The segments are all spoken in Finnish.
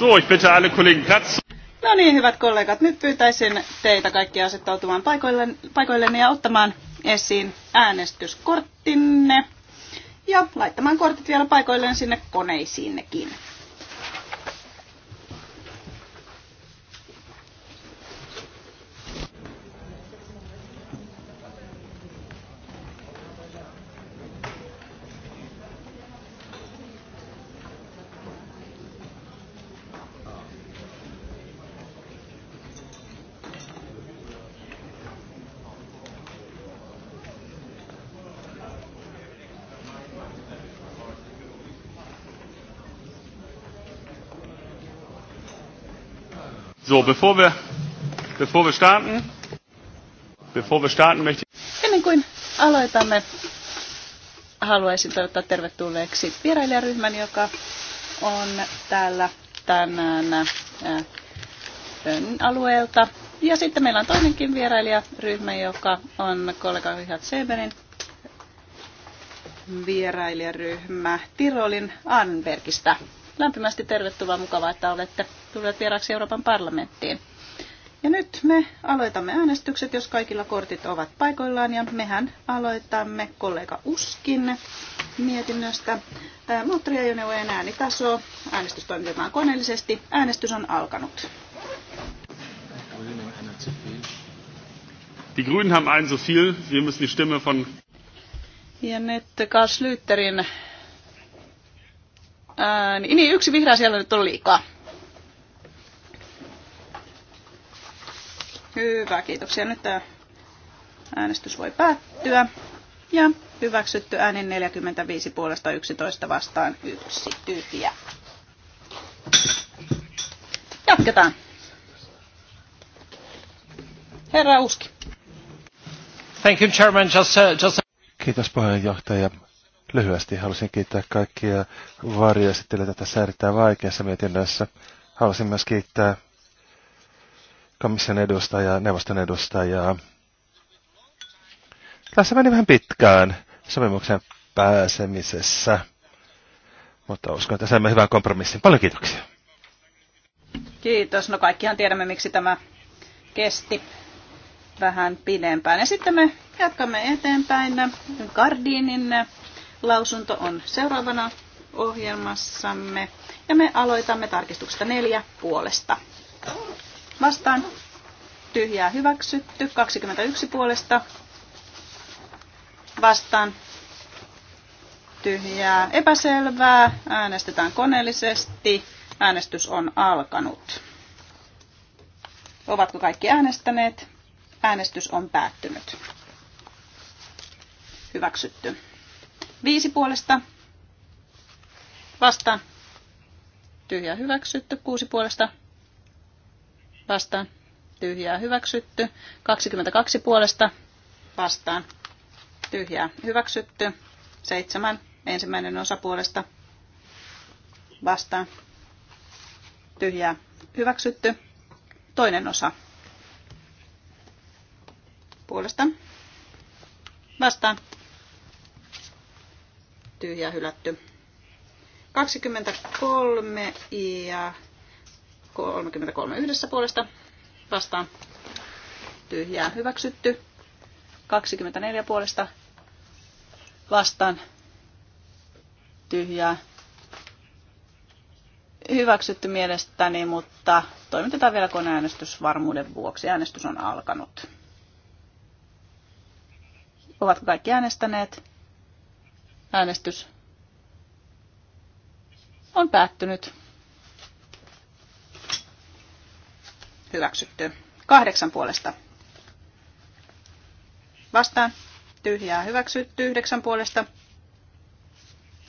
So, ich bitte alle Kollegen Platz. No niin, hyvät kollegat, nyt pyytäisin teitä kaikkia asettautumaan paikoilleen, ja ottamaan esiin äänestyskorttinne ja laittamaan kortit vielä paikoilleen sinne koneisiinnekin. So, bevor wir, bevor wir starten, bevor wir starten, möchte Ennen kuin aloitamme, haluaisin toivottaa tervetulleeksi vierailijaryhmän, joka on täällä tänään äh, alueelta. Ja sitten meillä on toinenkin vierailijaryhmä, joka on kollega Richard Seberin vierailijaryhmä Tirolin Anbergistä. Lämpimästi tervetuloa, mukavaa, että olette tulleet vieraaksi Euroopan parlamenttiin. Ja nyt me aloitamme äänestykset, jos kaikilla kortit ovat paikoillaan, ja mehän aloitamme kollega Uskin mietinnöstä. Moottoriajoneuvojen äänitaso. Äänestys toimitetaan koneellisesti. Äänestys on alkanut. Die Grünen haben ein so viel. Wir müssen die Stimme von... Ja nyt Karl Schlüterin Ää, niin, niin, yksi vihreä siellä nyt on liikaa. Hyvä, kiitoksia. Nyt tämä äänestys voi päättyä. Ja hyväksytty äänen 45 puolesta 11 vastaan yksi tyhjä. Jatketaan. Herra Uski. Thank you, Chairman. Just, uh, just... Kiitos puheenjohtaja. Lyhyesti halusin kiittää kaikkia varjoesittelijöitä tässä erittäin vaikeassa mietinnössä. Haluaisin myös kiittää komission edustajaa, neuvoston edustajaa. Tässä meni vähän pitkään sopimuksen pääsemisessä, mutta uskon, että saimme hyvän kompromissin. Paljon kiitoksia. Kiitos. No kaikkihan tiedämme, miksi tämä kesti vähän pidempään. Ja sitten me jatkamme eteenpäin Gardinin lausunto on seuraavana ohjelmassamme. Ja me aloitamme tarkistuksesta neljä puolesta. Vastaan tyhjää hyväksytty, 21 puolesta. Vastaan tyhjää epäselvää, äänestetään koneellisesti, äänestys on alkanut. Ovatko kaikki äänestäneet? Äänestys on päättynyt. Hyväksytty. Viisi puolesta vastaan. Tyhjää hyväksytty. Kuusi puolesta vastaan. Tyhjää hyväksytty. 22 puolesta vastaan. Tyhjää hyväksytty. Seitsemän ensimmäinen osa puolesta vastaan. Tyhjää hyväksytty. Toinen osa puolesta vastaan tyhjää hylätty. 23 ja 33 yhdessä puolesta vastaan tyhjää hyväksytty. 24 puolesta vastaan tyhjää hyväksytty mielestäni, mutta toimitetaan vielä koneäänestys varmuuden vuoksi. Äänestys on alkanut. Ovatko kaikki äänestäneet? Äänestys on päättynyt. Hyväksytty. Kahdeksan puolesta. Vastaan. Tyhjää hyväksytty. Yhdeksän puolesta.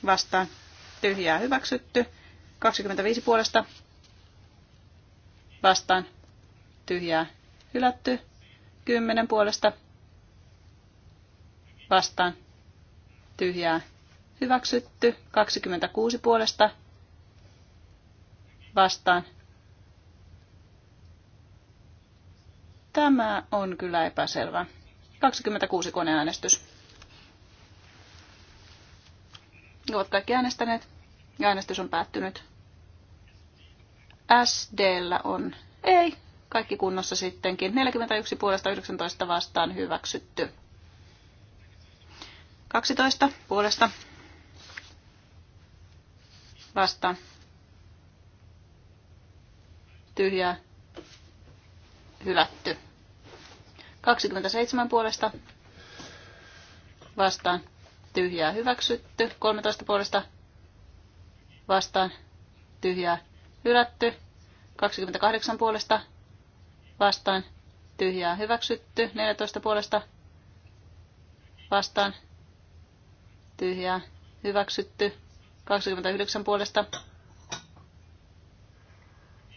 Vastaan. Tyhjää hyväksytty. 25 puolesta. Vastaan. Tyhjää hylätty. 10 puolesta. Vastaan. Tyhjää hyväksytty. 26 puolesta vastaan. Tämä on kyllä epäselvä. 26 koneäänestys. Ovat kaikki äänestäneet. Ja äänestys on päättynyt. SDllä on ei. Kaikki kunnossa sittenkin. 41 puolesta 19 vastaan hyväksytty. 12 puolesta vastaan. Tyhjää. Hylätty. 27 puolesta vastaan. Tyhjää hyväksytty. 13 puolesta vastaan. Tyhjää hylätty. 28 puolesta vastaan. Tyhjää hyväksytty. 14 puolesta vastaan. Tyhjää hyväksytty. 29 puolesta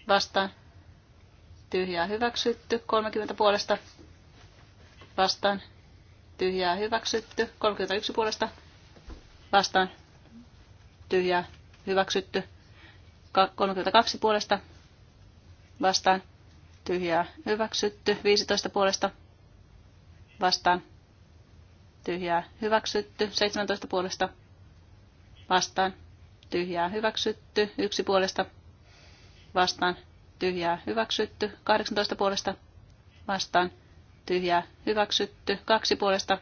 vastaan. Tyhjää hyväksytty. 30 puolesta vastaan. Tyhjää hyväksytty. 31 puolesta vastaan. Tyhjää hyväksytty. 32 puolesta vastaan. Tyhjää hyväksytty. 15 puolesta vastaan. Tyhjää hyväksytty. 17 puolesta vastaan vastaan tyhjää hyväksytty, yksi puolesta vastaan tyhjää hyväksytty, 18 puolesta vastaan tyhjää hyväksytty, kaksi puolesta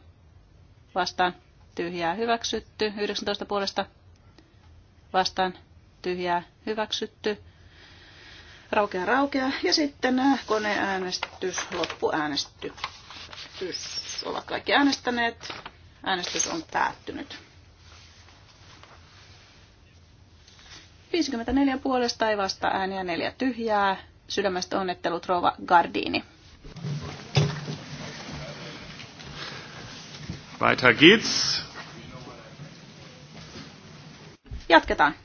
vastaan tyhjää hyväksytty, 19 puolesta vastaan tyhjää hyväksytty, raukea raukea ja sitten äh, koneäänestys, loppuäänestys. Ovat kaikki äänestäneet. Äänestys on päättynyt. 54 puolesta ei vasta ääniä, neljä tyhjää. Sydämestä onnettelut Rova Gardini. Weiter geht's. Jatketaan.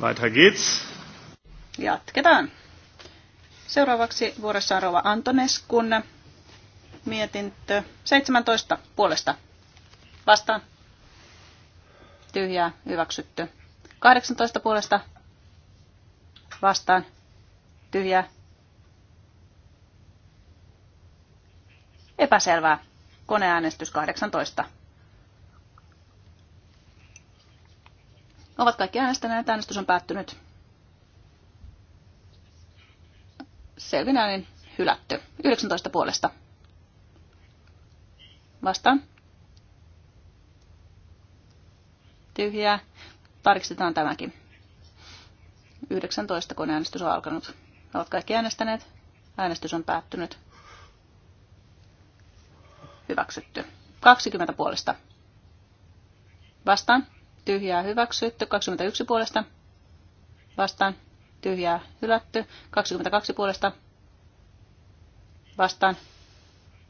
Weiter geht's. Jatketaan. Seuraavaksi vuorossa on Rova Antoneskun mietintö 17 puolesta. Vastaan. Tyhjää. Hyväksytty. 18 puolesta. Vastaan. Tyhjää. Epäselvää. Koneäänestys 18. Ovat kaikki äänestäneet. Äänestys on päättynyt. selvinäinen hylätty. 19 puolesta. Vastaan. Tyhjää. Tarkistetaan tämäkin. 19 äänestys on alkanut. Olet kaikki äänestäneet. Äänestys on päättynyt. Hyväksytty. 20 puolesta. Vastaan. Tyhjää hyväksytty. 21 puolesta. Vastaan tyhjää hylätty. 22 puolesta vastaan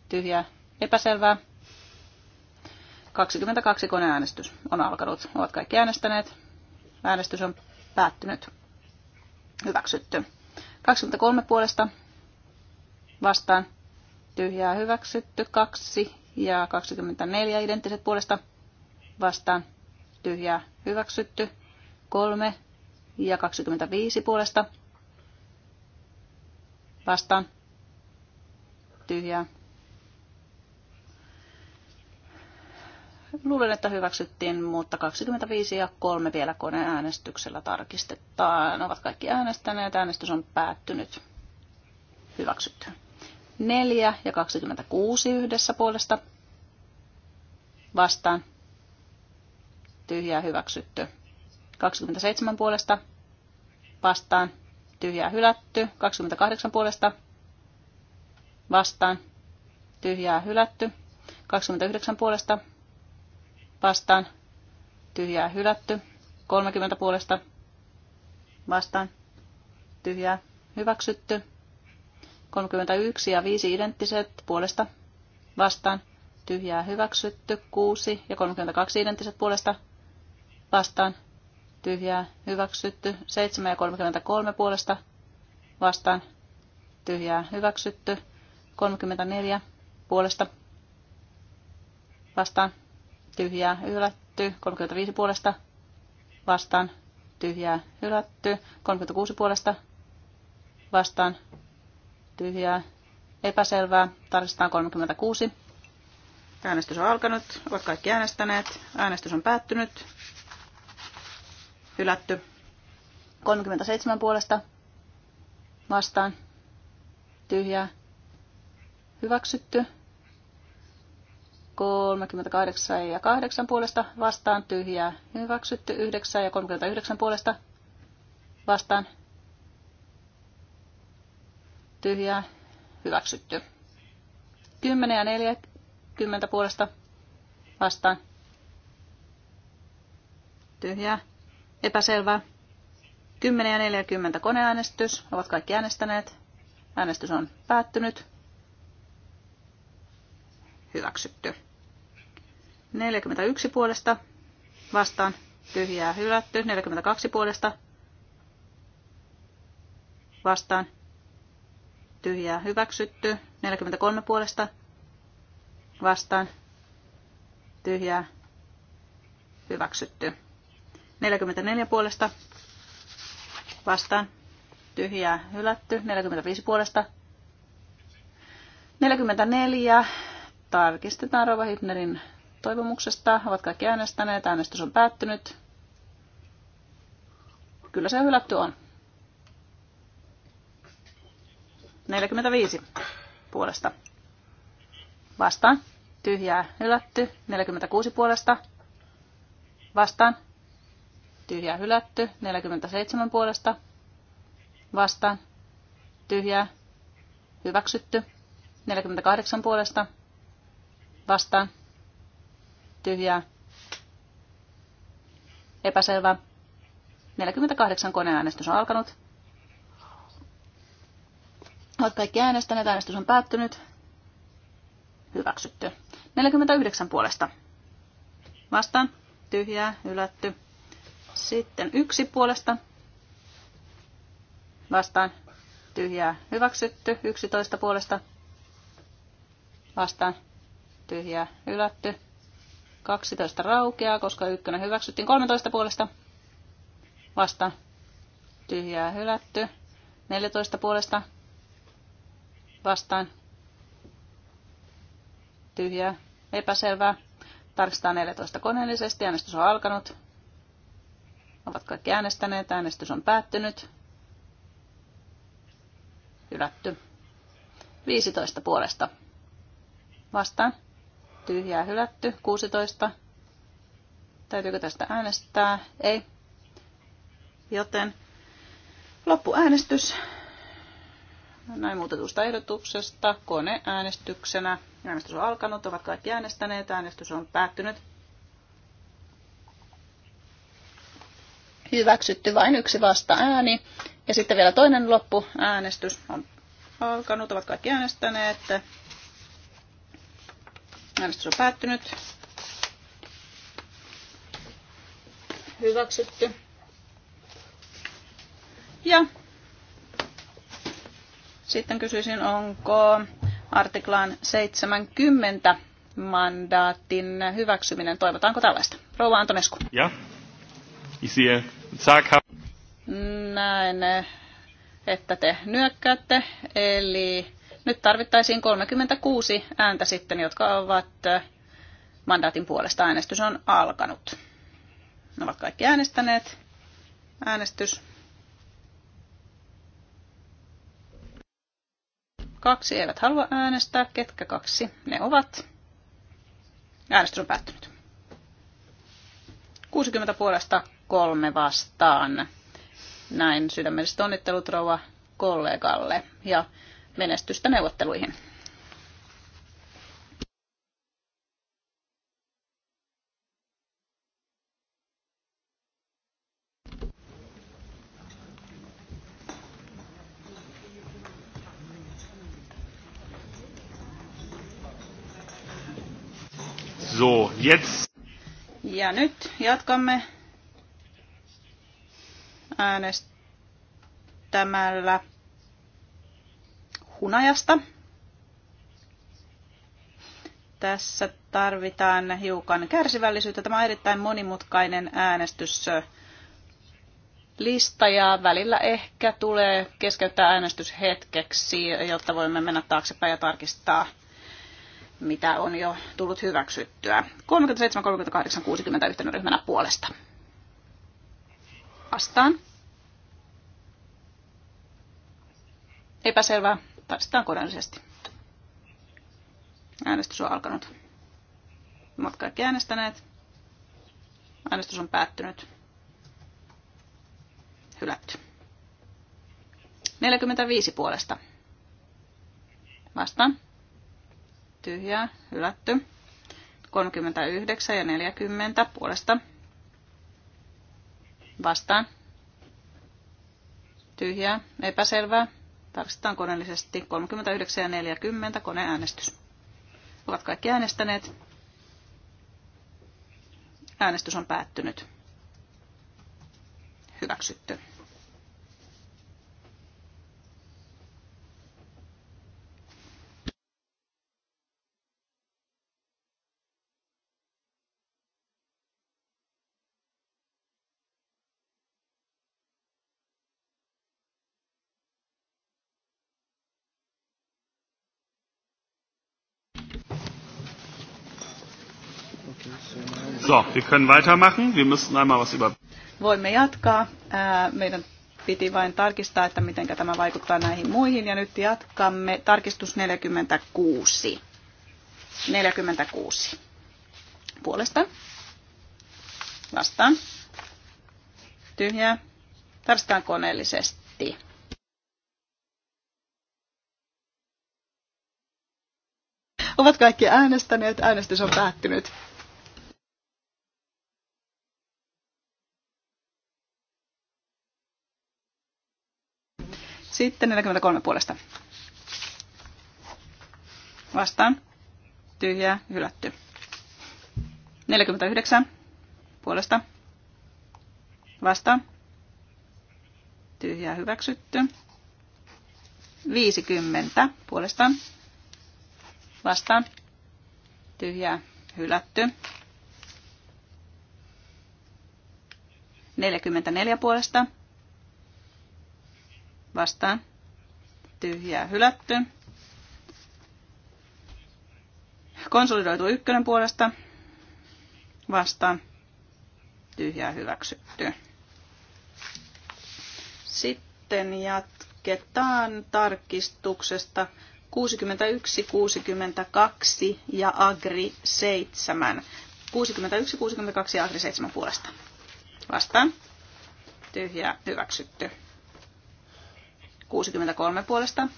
tyhjää epäselvää. 22 koneäänestys on alkanut. Ovat kaikki äänestäneet. Äänestys on päättynyt. Hyväksytty. 23 puolesta vastaan tyhjää hyväksytty. 2 ja 24 identtiset puolesta vastaan tyhjää hyväksytty. 3 ja 25 puolesta vastaan tyhjää. Luulen, että hyväksyttiin, mutta 25 ja 3 vielä koneen äänestyksellä tarkistetaan. Ovat kaikki äänestäneet. Äänestys on päättynyt. Hyväksytty. 4 ja 26 yhdessä puolesta vastaan. Tyhjää hyväksytty. 27 puolesta vastaan tyhjää hylätty. 28 puolesta vastaan tyhjää hylätty. 29 puolesta vastaan tyhjää hylätty. 30 puolesta vastaan tyhjää hyväksytty. 31 ja 5 identtiset puolesta vastaan tyhjää hyväksytty. 6 ja 32 identtiset puolesta vastaan tyhjää hyväksytty. 7 ja 33 puolesta vastaan tyhjää hyväksytty. 34 puolesta vastaan tyhjää hylätty. 35 puolesta vastaan tyhjää hylätty. 36 puolesta vastaan tyhjää epäselvää. Tarkistetaan 36. Äänestys on alkanut. Ovat kaikki äänestäneet. Äänestys on päättynyt hylätty. 37 puolesta vastaan tyhjää hyväksytty. 38 ja 8 puolesta vastaan tyhjää hyväksytty. 9 ja 39 puolesta vastaan tyhjää hyväksytty. 10 ja 40 puolesta vastaan tyhjää Epäselvä. 10 ja 40 koneäänestys. Ovat kaikki äänestäneet. Äänestys on päättynyt. Hyväksytty. 41 puolesta vastaan tyhjää hylätty. 42 puolesta vastaan tyhjää hyväksytty. 43 puolesta vastaan tyhjää hyväksytty. 44 puolesta vastaan. Tyhjää hylätty. 45 puolesta. 44. Tarkistetaan Rova Hypnerin toivomuksesta. Ovat kaikki äänestäneet. Äänestys on päättynyt. Kyllä se hylätty on. 45 puolesta. Vastaan. Tyhjää hylätty. 46 puolesta. Vastaan tyhjää hylätty. 47 puolesta vastaan, tyhjää hyväksytty. 48 puolesta vastaan, tyhjää epäselvä. 48 koneäänestys on alkanut. Olet kaikki äänestäneet, äänestys on päättynyt. Hyväksytty. 49 puolesta. Vastaan. Tyhjää, ylätty sitten yksi puolesta vastaan tyhjää hyväksytty. 11 puolesta vastaan tyhjää hylätty. 12 raukeaa, koska ykkönen hyväksyttiin 13 puolesta vastaan tyhjää hylätty. 14 puolesta vastaan tyhjää epäselvää. Tarkistetaan 14 koneellisesti. Äänestys on alkanut. Ovat kaikki äänestäneet. Äänestys on päättynyt. Hylätty. 15 puolesta. Vastaan. Tyhjää hylätty. 16. Täytyykö tästä äänestää? Ei. Joten loppuäänestys näin muutetusta ehdotuksesta koneäänestyksenä. Äänestys on alkanut, ovat kaikki äänestäneet, äänestys on päättynyt. hyväksytty vain yksi vasta ääni. Ja sitten vielä toinen loppu äänestys on alkanut, ovat kaikki äänestäneet. Äänestys on päättynyt. Hyväksytty. Ja sitten kysyisin, onko artiklaan 70 mandaatin hyväksyminen. Toivotaanko tällaista? Rouva Antonesku. Ja. isie. Näen, että te nyökkäätte, eli nyt tarvittaisiin 36 ääntä sitten, jotka ovat äh, mandaatin puolesta. Äänestys on alkanut. Ne ovat kaikki äänestäneet. Äänestys. Kaksi eivät halua äänestää. Ketkä kaksi? Ne ovat. Äänestys on päättynyt. 60 puolesta, kolme vastaan. Näin sydämelliset onnittelut rouva kollegalle ja menestystä neuvotteluihin. So, jetzt. Ja nyt jatkamme äänestämällä hunajasta. Tässä tarvitaan hiukan kärsivällisyyttä. Tämä on erittäin monimutkainen äänestyslista lista ja välillä ehkä tulee keskeyttää äänestys hetkeksi, jotta voimme mennä taaksepäin ja tarkistaa, mitä on jo tullut hyväksyttyä. 37, 38, 60 yhtenä ryhmänä puolesta Vastaan. Epäselvää. Tarkistetaan koneellisesti. Äänestys on alkanut. Ovat kaikki äänestäneet. Äänestys on päättynyt. Hylätty. 45 puolesta. Vastaan. Tyhjää. Hylätty. 39 ja 40 puolesta Vastaan. Tyhjää. Epäselvää. Tarkistetaan koneellisesti 39 ja 40 koneäänestys. Ovat kaikki äänestäneet. Äänestys on päättynyt. Hyväksytty. So, wir können weitermachen. Wir müssen einmal was über... Voimme jatkaa. Meidän piti vain tarkistaa, että miten tämä vaikuttaa näihin muihin. Ja nyt jatkamme. Tarkistus 46. 46. Puolesta. Vastaan. Tyhjää. Tarkistetaan koneellisesti. Ovat kaikki äänestäneet. Äänestys on päättynyt. Sitten 43 puolesta. Vastaan. Tyhjää, hylätty. 49 puolesta. Vastaan. Tyhjää, hyväksytty. 50 puolestaan. Vastaan. Tyhjää, hylätty. 44 puolesta vastaan tyhjää hylätty. Konsolidoitu ykkönen puolesta vastaan tyhjää hyväksytty. Sitten jatketaan tarkistuksesta 61, 62 ja Agri 7. 61, 62 ja Agri 7 puolesta. Vastaan. Tyhjää hyväksytty. 63 puolesta.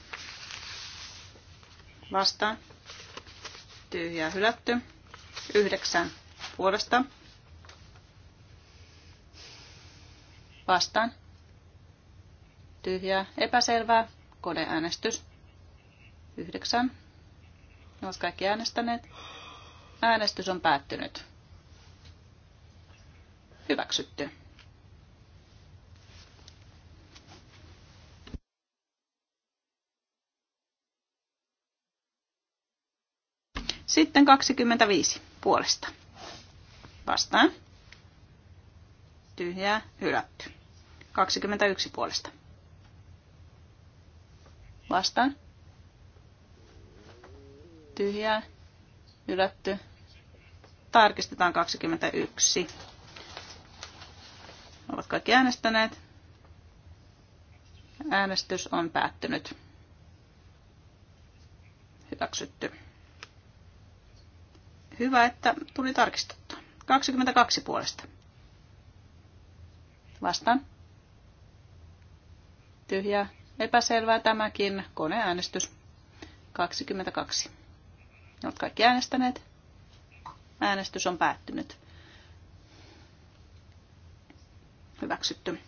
Vastaan. Tyhjää hylätty. 9 puolesta. Vastaan. Tyhjää epäselvää. Kodeäänestys. 9. Olet kaikki äänestäneet. Äänestys on päättynyt. Hyväksytty. Sitten 25 puolesta. Vastaan. Tyhjää, hylätty. 21 puolesta. Vastaan. Tyhjää, hylätty. Tarkistetaan 21. Ovat kaikki äänestäneet. Äänestys on päättynyt. Hyväksytty. Hyvä, että tuli tarkistettua. 22 puolesta. Vastaan. Tyhjä. Epäselvää tämäkin. Koneäänestys. 22. Olet kaikki äänestäneet. Äänestys on päättynyt. Hyväksytty.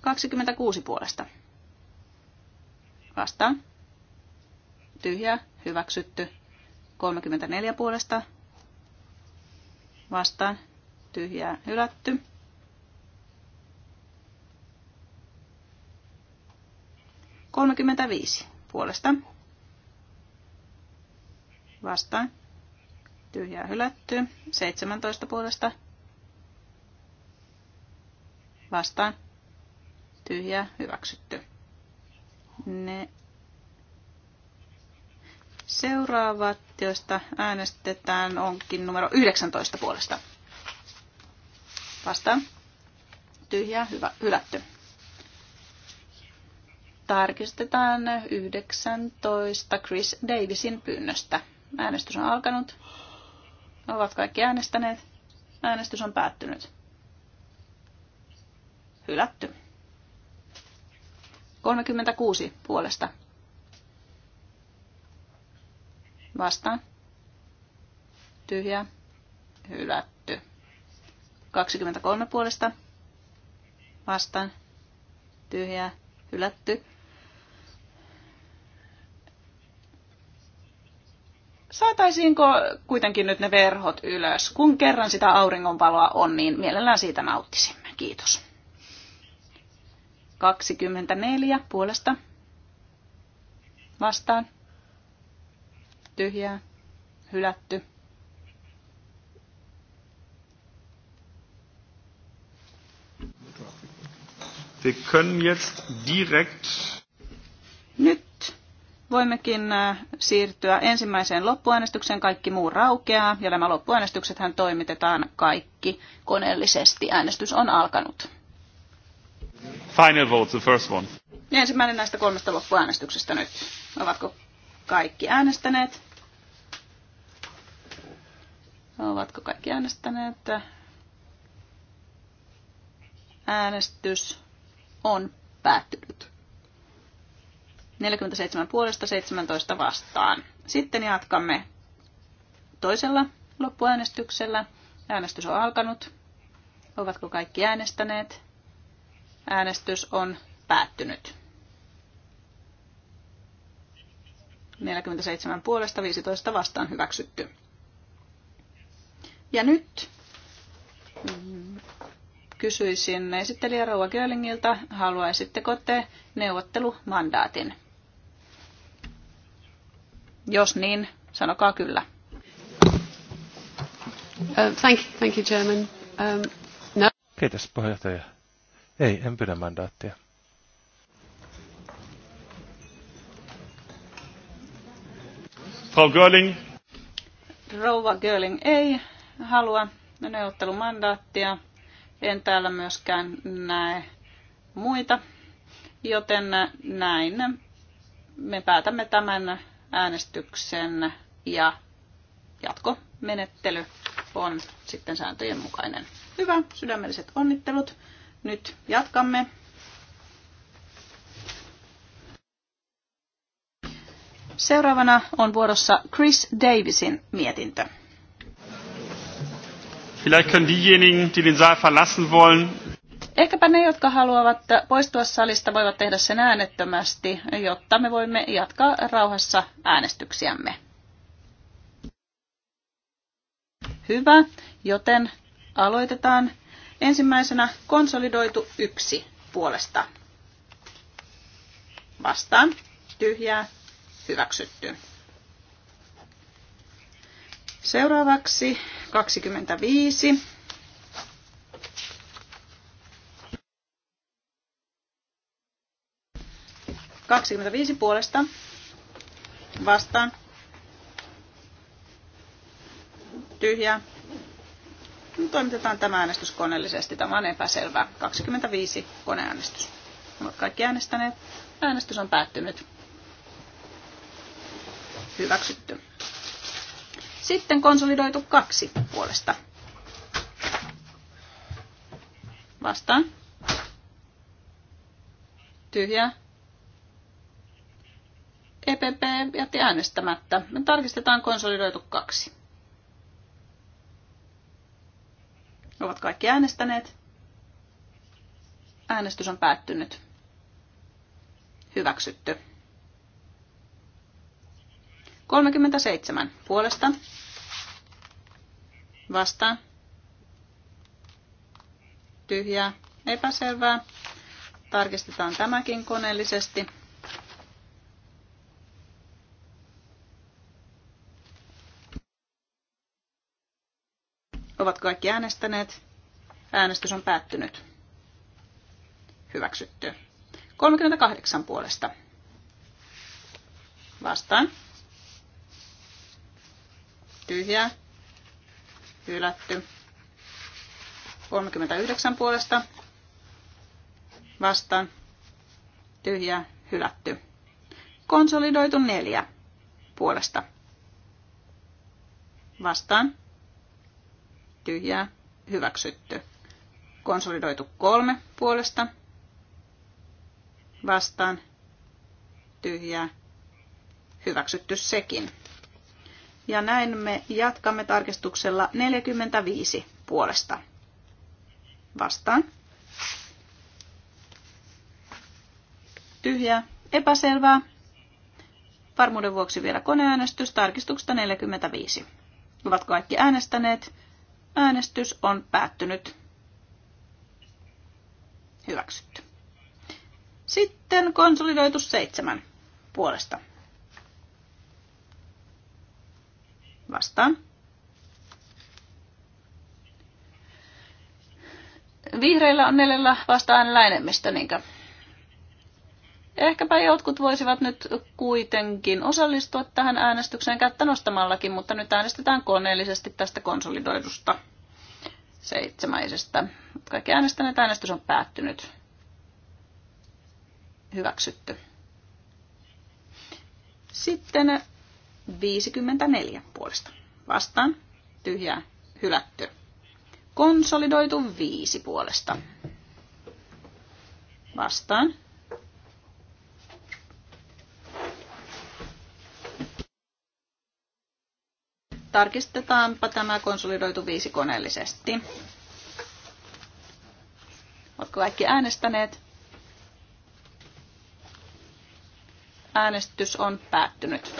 26 puolesta. Vastaan. Tyhjä. Hyväksytty. 34 puolesta vastaan tyhjää hylätty. Kolmekymmentäviisi puolesta vastaan tyhjää hylätty. seitsemäntoista puolesta vastaan tyhjää hyväksytty. Ne Seuraava, joista äänestetään, onkin numero 19 puolesta. Vastaan. tyhjä, hyvä, hylätty. Tarkistetaan 19 Chris Davisin pyynnöstä. Äänestys on alkanut. Ovat kaikki äänestäneet. Äänestys on päättynyt. Hylätty. 36 puolesta Vastaan. tyhjä Hylätty. 23 puolesta. Vastaan. tyhjä Hylätty. 100 kuitenkin nyt ne verhot ylös, kun kerran sitä auringonvaloa on, niin mielellään siitä nauttisimme. Kiitos. 24 puolesta vastaan tyhjää, hylätty. Wir können jetzt direkt Nyt voimmekin äh, siirtyä ensimmäiseen loppuäänestykseen. Kaikki muu raukeaa ja nämä loppuäänestyksethän toimitetaan kaikki koneellisesti. Äänestys on alkanut. Final vote, the first one. Ensimmäinen näistä kolmesta loppuäänestyksestä nyt. Ovatko kaikki äänestäneet? Ovatko kaikki äänestäneet? Äänestys on päättynyt. 47 puolesta 17 vastaan. Sitten jatkamme toisella loppuäänestyksellä. Äänestys on alkanut. Ovatko kaikki äänestäneet? Äänestys on päättynyt. 47 puolesta 15 vastaan hyväksytty. Ja nyt kysyisin esittelijä Rauha Görlingiltä, haluaisitteko te neuvottelumandaatin? Jos niin, sanokaa kyllä. Uh, thank, you, thank you, Chairman. Um, no. Kiitos, puheenjohtaja. Ei, en pidä mandaattia. Frau Görling. Rouva Görling ei, halua neuvottelumandaattia, en täällä myöskään näe muita, joten näin me päätämme tämän äänestyksen ja jatkomenettely on sitten sääntöjen mukainen. Hyvä, sydämelliset onnittelut. Nyt jatkamme. Seuraavana on vuorossa Chris Davisin mietintö. Vielleicht können diejenigen, die den Saal verlassen wollen. Ehkäpä ne, jotka haluavat poistua salista, voivat tehdä sen äänettömästi, jotta me voimme jatkaa rauhassa äänestyksiämme. Hyvä, joten aloitetaan ensimmäisenä konsolidoitu yksi puolesta. Vastaan, tyhjää, hyväksytty. Seuraavaksi 25. Kaksikymmentäviisi puolesta vastaan. Tyhjää. Toimitetaan tämä äänestys koneellisesti. Tämä on epäselvä. 25 koneäänestys. Ovat kaikki äänestäneet. Äänestys on päättynyt. Hyväksytty. Sitten konsolidoitu kaksi puolesta. Vastaan. Tyhjä. EPP jätti äänestämättä. Me tarkistetaan konsolidoitu kaksi. Ovat kaikki äänestäneet. Äänestys on päättynyt. Hyväksytty. 37 puolesta. Vastaan. Tyhjää. Epäselvää. Tarkistetaan tämäkin koneellisesti. Ovat kaikki äänestäneet. Äänestys on päättynyt. Hyväksytty. 38 puolesta. Vastaan tyhjää, hylätty. 39 puolesta vastaan, tyhjää, hylätty. Konsolidoitu 4 puolesta vastaan, tyhjää, hyväksytty. Konsolidoitu 3 puolesta vastaan, tyhjää, hyväksytty sekin. Ja näin me jatkamme tarkistuksella 45 puolesta. Vastaan. Tyhjä. Epäselvää. Varmuuden vuoksi vielä koneäänestys tarkistuksesta 45. Ovat kaikki äänestäneet. Äänestys on päättynyt. Hyväksytty. Sitten konsolidoitu seitsemän puolesta Vastaan. Vihreillä on neljällä vasta-äänellä enemmistö, niinkö? Ehkäpä jotkut voisivat nyt kuitenkin osallistua tähän äänestykseen kättä nostamallakin, mutta nyt äänestetään koneellisesti tästä konsolidoidusta seitsemäisestä. Kaikki äänestäneet äänestys on päättynyt. Hyväksytty. Sitten 54 puolesta. Vastaan. Tyhjää. Hylätty. Konsolidoitu 5 puolesta. Vastaan. Tarkistetaanpa tämä konsolidoitu 5 koneellisesti. Oletko kaikki äänestäneet? Äänestys on päättynyt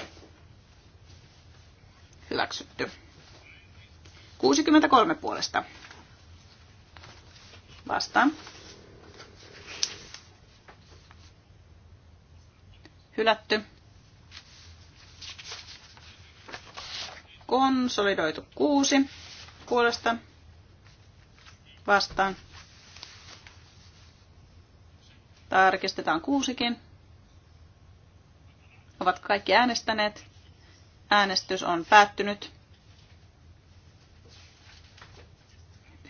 hyväksytty. 63 puolesta. Vastaan. Hylätty. Konsolidoitu 6 puolesta. Vastaan. Tarkistetaan kuusikin. Ovat kaikki äänestäneet. Äänestys on päättynyt.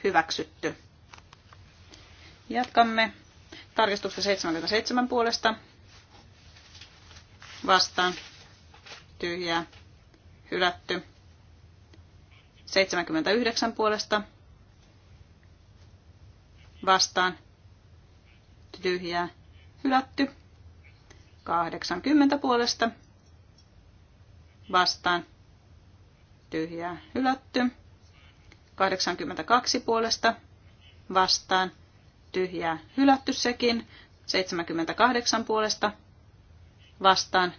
Hyväksytty. Jatkamme tarkistuksesta 77 puolesta. Vastaan. Tyhjää. Hylätty. 79 puolesta. Vastaan. Tyhjää. Hylätty. 80 puolesta vastaan tyhjää hylätty. 82 puolesta vastaan tyhjää hylätty sekin. 78 puolesta vastaan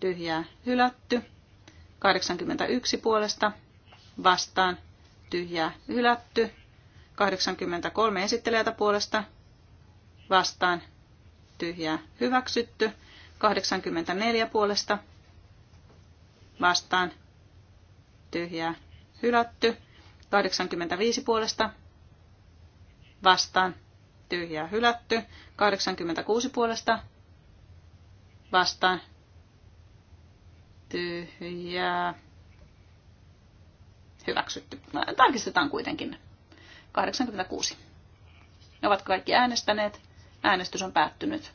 tyhjää hylätty. 81 puolesta vastaan tyhjää hylätty. 83 esittelijältä puolesta vastaan tyhjää hyväksytty. 84 puolesta vastaan tyhjää hylätty. 85 puolesta vastaan tyhjää hylätty. 86 puolesta vastaan tyhjää hyväksytty. No, tarkistetaan kuitenkin. 86. Ne ovat kaikki äänestäneet. Äänestys on päättynyt.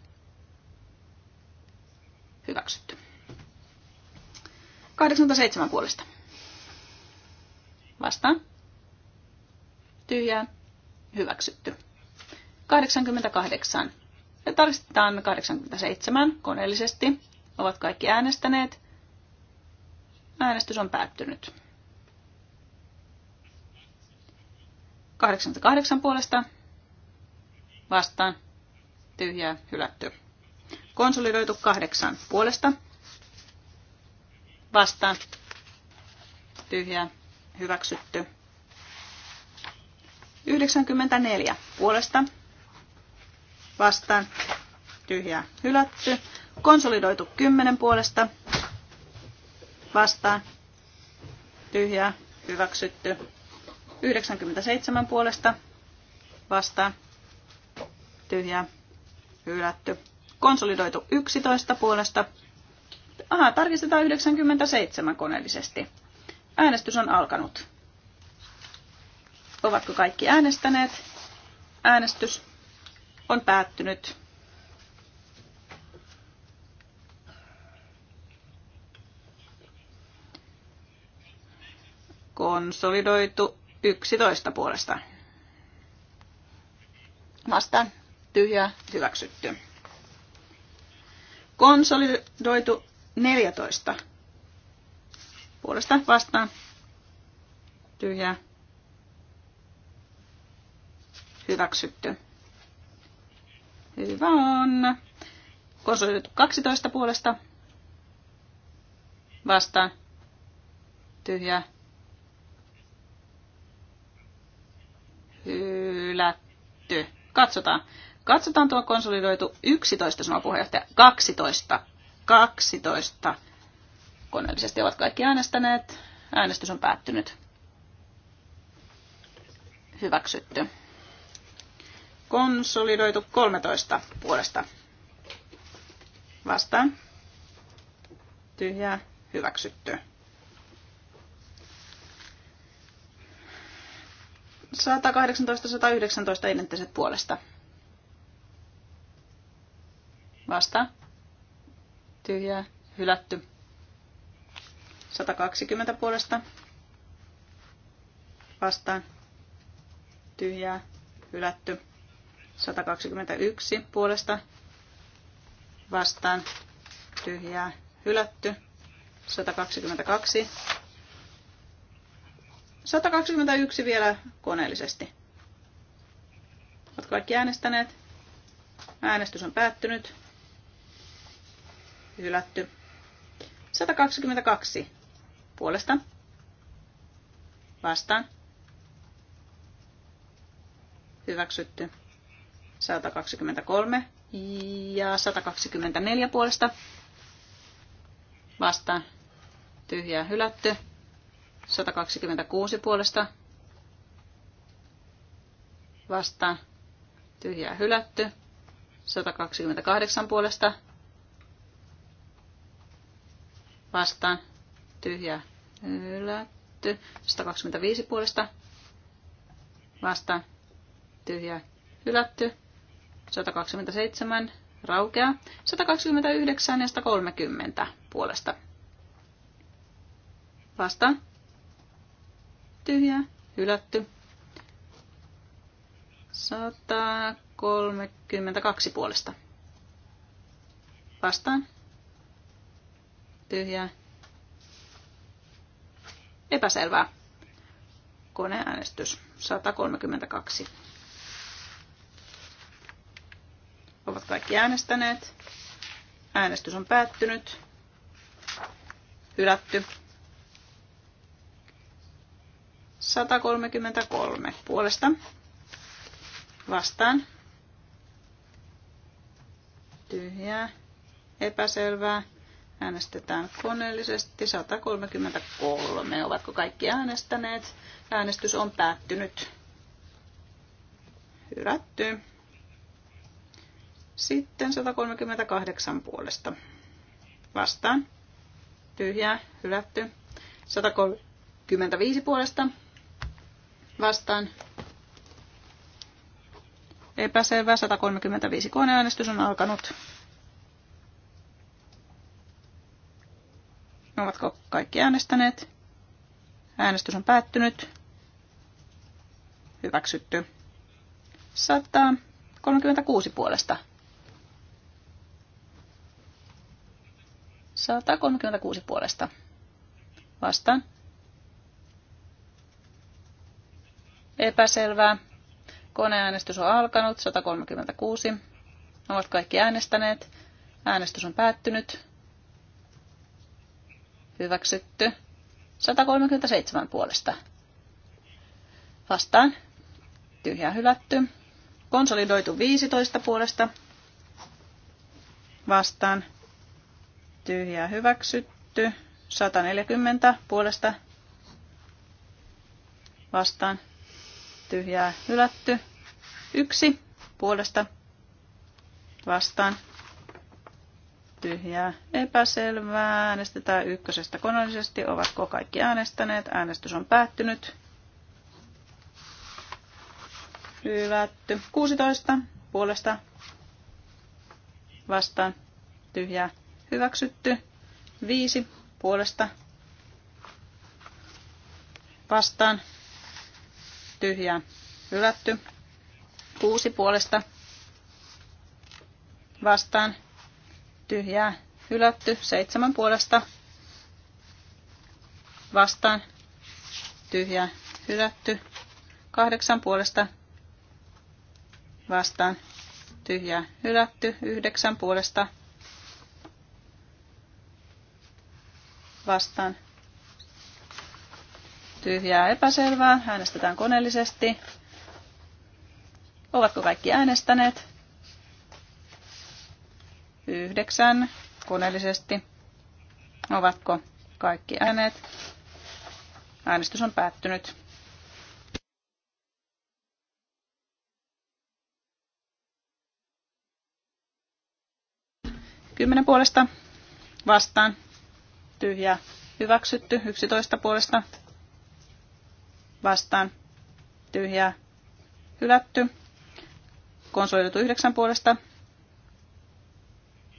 Hyväksytty. 87 puolesta. Vastaan. Tyhjää. Hyväksytty. 88. Ja tarkistetaan 87 koneellisesti. Ovat kaikki äänestäneet. Äänestys on päättynyt. 88 puolesta. Vastaan. Tyhjää. Hylätty. Konsolidoitu 8 puolesta vastaan tyhjää hyväksytty. 94 puolesta vastaan tyhjää hylätty. Konsolidoitu 10 puolesta vastaan tyhjää hyväksytty. 97 puolesta vastaan tyhjää hylätty. Konsolidoitu 11 puolesta Aha, tarkistetaan 97 koneellisesti. Äänestys on alkanut. Ovatko kaikki äänestäneet? Äänestys on päättynyt. Konsolidoitu 11 puolesta. Vastaan tyhjä hyväksytty. Konsolidoitu 14. Puolesta vastaan. Tyhjää. Hyväksytty. Hyvä on. Konsolidoitu 12 puolesta. Vastaan. Tyhjää. Hylätty. Katsotaan. Katsotaan tuo konsolidoitu 11, sanoo puheenjohtaja. 12 12. Koneellisesti ovat kaikki äänestäneet. Äänestys on päättynyt. Hyväksytty. Konsolidoitu 13 puolesta. Vastaan. Tyhjää. Hyväksytty. 118-119 identtiset puolesta. Vastaan tyhjää, hylätty. 120 puolesta vastaan, tyhjää, hylätty. 121 puolesta vastaan, tyhjää, hylätty. 122. 121 vielä koneellisesti. Oletko kaikki äänestäneet. Äänestys on päättynyt hylätty. 122 puolesta vastaan hyväksytty. 123 ja 124 puolesta vastaan tyhjää hylätty. 126 puolesta vastaan tyhjää hylätty. 128 puolesta vastaan tyhjä hylätty. 125 puolesta vastaan tyhjä hylätty. 127 raukea 129 ja 130 puolesta vastaan tyhjä hylätty. 132 puolesta. Vastaan tyhjää. Epäselvää. Koneäänestys 132. Ovat kaikki äänestäneet. Äänestys on päättynyt. Hylätty. 133 puolesta. Vastaan. Tyhjää. Epäselvää. Äänestetään koneellisesti 133. Ovatko kaikki äänestäneet? Äänestys on päättynyt. Hyrätty. Sitten 138 puolesta. Vastaan. Tyhjää. Hylätty. 135 puolesta. Vastaan. Epäselvä. 135 koneäänestys on alkanut. Ovatko kaikki äänestäneet? Äänestys on päättynyt. Hyväksytty. 136 puolesta. 136 puolesta. Vastaan. Epäselvää. Koneäänestys on alkanut. 136. Ovat kaikki äänestäneet. Äänestys on päättynyt. Hyväksytty. 137 puolesta. Vastaan. Tyhjää hylätty. Konsolidoitu 15 puolesta. Vastaan. Tyhjää hyväksytty. 140 puolesta. Vastaan. Tyhjää hylätty. Yksi puolesta. Vastaan tyhjää epäselvää. Äänestetään ykkösestä koneellisesti. Ovatko kaikki äänestäneet? Äänestys on päättynyt. Hylätty. 16 puolesta vastaan tyhjää hyväksytty. 5 puolesta vastaan tyhjää hylätty. 6 puolesta vastaan tyhjää hylätty. Seitsemän puolesta vastaan tyhjää hylätty. Kahdeksan puolesta vastaan tyhjää hylätty. Yhdeksän puolesta vastaan tyhjää epäselvää. Äänestetään koneellisesti. Ovatko kaikki äänestäneet? yhdeksän koneellisesti. Ovatko kaikki ääneet? Äänestys on päättynyt. Kymmenen puolesta vastaan. Tyhjä hyväksytty. Yksitoista puolesta vastaan. Tyhjä. hylätty. Konsolidoitu yhdeksän puolesta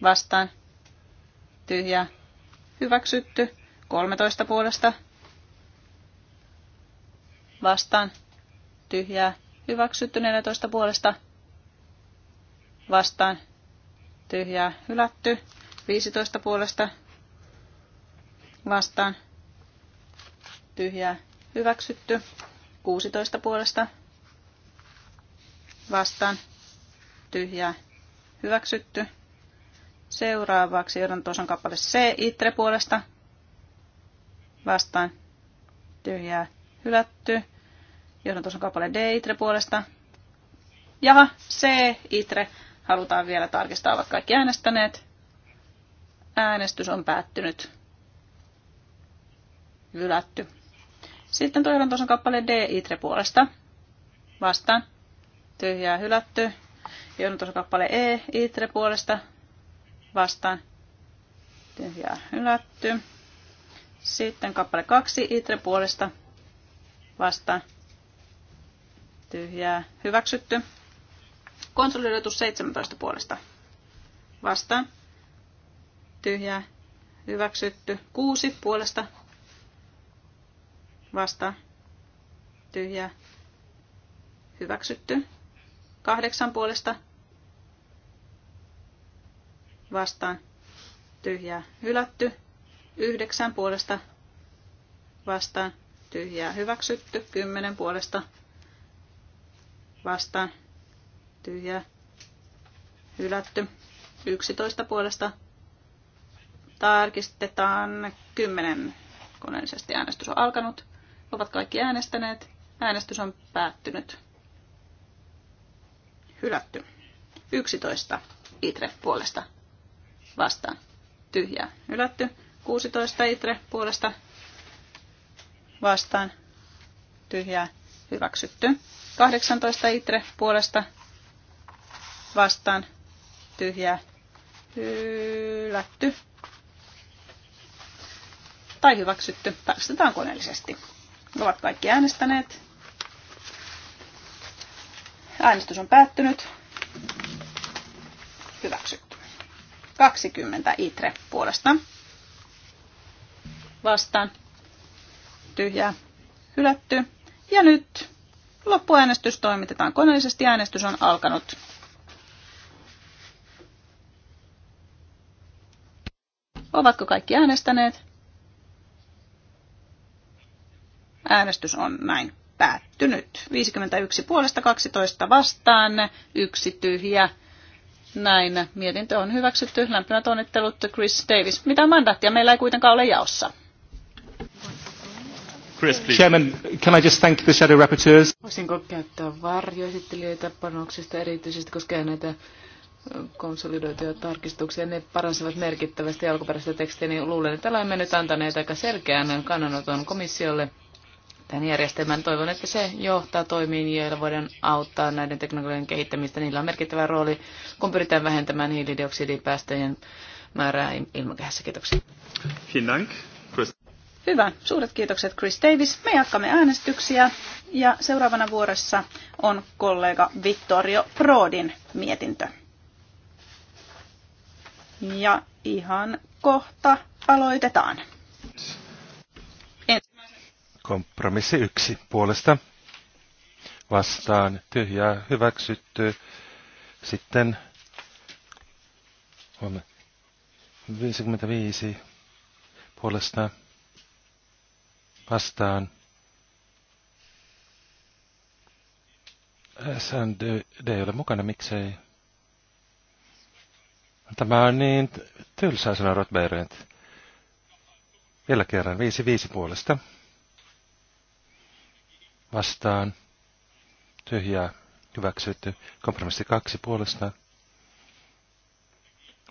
vastaan tyhjää hyväksytty. 13 puolesta vastaan tyhjää hyväksytty. 14 puolesta vastaan tyhjää hylätty. 15 puolesta vastaan tyhjää hyväksytty. 16 puolesta vastaan tyhjää hyväksytty. Seuraavaksi tuossa on kappale C, Itre puolesta. Vastaan. Tyhjää hylätty. tuossa on kappale D, Itre puolesta. Jaha, C, Itre. Halutaan vielä tarkistaa, ovat kaikki äänestäneet. Äänestys on päättynyt. Hylätty. Sitten tuo tuossa kappale D, Itre puolesta. Vastaan. Tyhjää hylätty. Jordan Tuoson kappale E, Itre puolesta vastaan tyhjää hylätty. Sitten kappale kaksi itre puolesta vastaan tyhjää hyväksytty. Konsolidoitus 17 puolesta vastaan tyhjää hyväksytty. Kuusi puolesta vastaan tyhjää hyväksytty. Kahdeksan puolesta vastaan vastaan tyhjää hylätty. yhdeksän puolesta vastaan tyhjää hyväksytty. kymmenen puolesta vastaan tyhjää hylätty. Yksitoista puolesta tarkistetaan kymmenen Koneellisesti äänestys on alkanut. Ovat kaikki äänestäneet. Äänestys on päättynyt. Hylätty. 11. Itre puolesta vastaan. Tyhjä, hylätty. 16 itre puolesta vastaan. Tyhjää hyväksytty. 18 itre puolesta vastaan. Tyhjää hylätty. Tai hyväksytty. Päästetään koneellisesti. Ovat kaikki äänestäneet. Äänestys on päättynyt. Hyväksytty. 20 itre puolesta. Vastaan. Tyhjää. Hylätty. Ja nyt loppuäänestys toimitetaan koneellisesti. Äänestys on alkanut. Ovatko kaikki äänestäneet? Äänestys on näin päättynyt. 51 puolesta 12 vastaan, yksi tyhjä. Näin, mietintö on hyväksytty. Lämpimät onnittelut Chris Davis. Mitä mandaattia meillä ei kuitenkaan ole jaossa? Chris, please. Chairman, can I just thank the shadow rapporteurs? Voisinko käyttää varjoesittelijöitä panoksista erityisesti, koska näitä konsolidoituja tarkistuksia, ne paransivat merkittävästi alkuperäistä tekstiä, niin luulen, että olemme nyt antaneet aika selkeän kannanoton komissiolle tämän järjestelmän. Toivon, että se johtaa toimiin, joilla voidaan auttaa näiden teknologian kehittämistä. Niillä on merkittävä rooli, kun pyritään vähentämään hiilidioksidipäästöjen määrää ilmakehässä. Kiitoksia. Hyvä. Suuret kiitokset Chris Davis. Me jatkamme äänestyksiä ja seuraavana vuorossa on kollega Vittorio Prodin mietintö. Ja ihan kohta aloitetaan. Kompromissi yksi puolesta vastaan tyhjää hyväksytty. Sitten on 55 puolesta vastaan SND ei ole mukana, miksei. Tämä on niin tylsää sanoa Rotberg. Vielä kerran, 5-5 puolesta vastaan, tyhjää, hyväksytty. Kompromissi kaksi puolesta,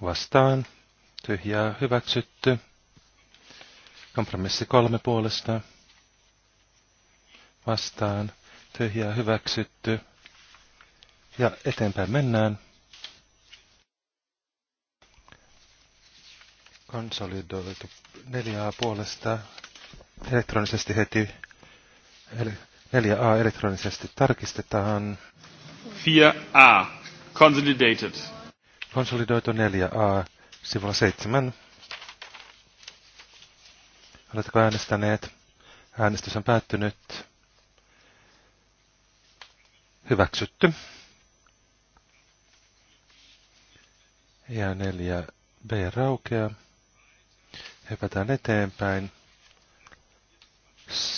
vastaan, tyhjää, hyväksytty. Kompromissi kolme puolesta, vastaan, tyhjää, hyväksytty. Ja eteenpäin mennään. Konsolidoitu neljää puolesta elektronisesti heti. Eli 4a elektronisesti tarkistetaan. 4a. Consolidated. Konsolidoitu 4a. Sivulla 7. Oletteko äänestäneet? Äänestys on päättynyt. Hyväksytty. Ja 4b raukeaa. Hypätään eteenpäin.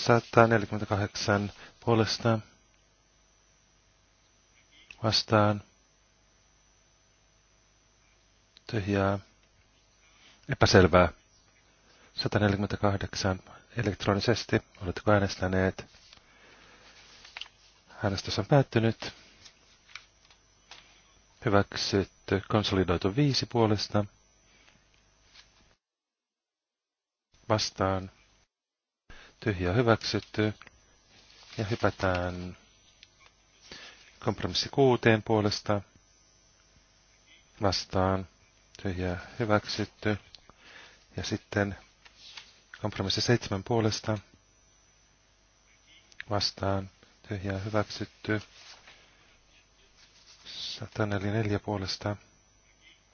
148 puolesta vastaan tyhjää epäselvää. 148 elektronisesti. Oletteko äänestäneet? Äänestys on päättynyt. Hyväksytty konsolidoitu viisi puolesta. Vastaan tyhjä hyväksytty. Ja hypätään kompromissi kuuteen puolesta vastaan, tyhjä hyväksytty. Ja sitten kompromissi seitsemän puolesta vastaan, tyhjä hyväksytty. 144 puolesta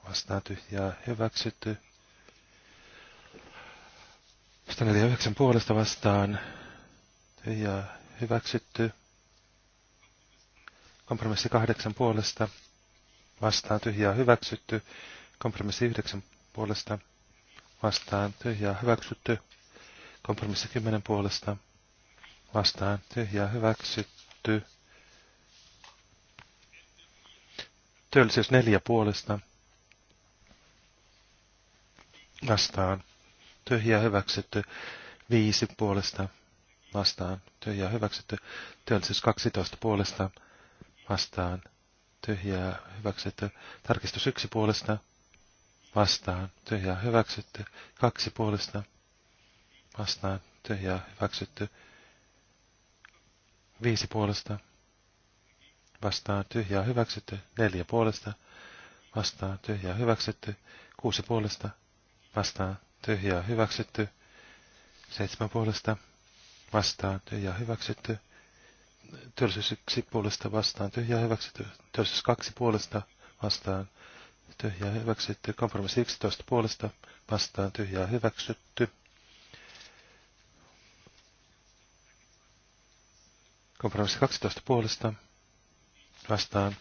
vastaan tyhjää hyväksytty. 149 puolesta vastaan ja hyväksytty. Kompromissi 8 puolesta vastaan tyhjää hyväksytty. Kompromissi 9 puolesta vastaan tyhjää hyväksytty. Kompromissi 10 puolesta vastaan tyhjää hyväksytty. Työllisyys 4 puolesta vastaan tyhjää hyväksytty, viisi puolesta vastaan, tyhjää hyväksytty, työllisyys 12 puolesta vastaan, tyhjää hyväksytty, tarkistus yksi puolesta vastaan, tyhjää hyväksytty, kaksi puolesta vastaan, tyhjää hyväksytty, viisi puolesta vastaan, tyhjää hyväksytty, neljä puolesta vastaan, tyhjää hyväksytty, kuusi puolesta vastaan, tyhjää hyväksytty. Seitsemän puolesta vastaan tyhjää hyväksytty. Työllisyys yksi puolesta vastaan tyhjää hyväksytty. Työllisyys kaksi puolesta vastaan tyhjää hyväksytty. Kompromissi 11 puolesta vastaan tyhjää hyväksytty. Kompromissi 12 puolesta vastaan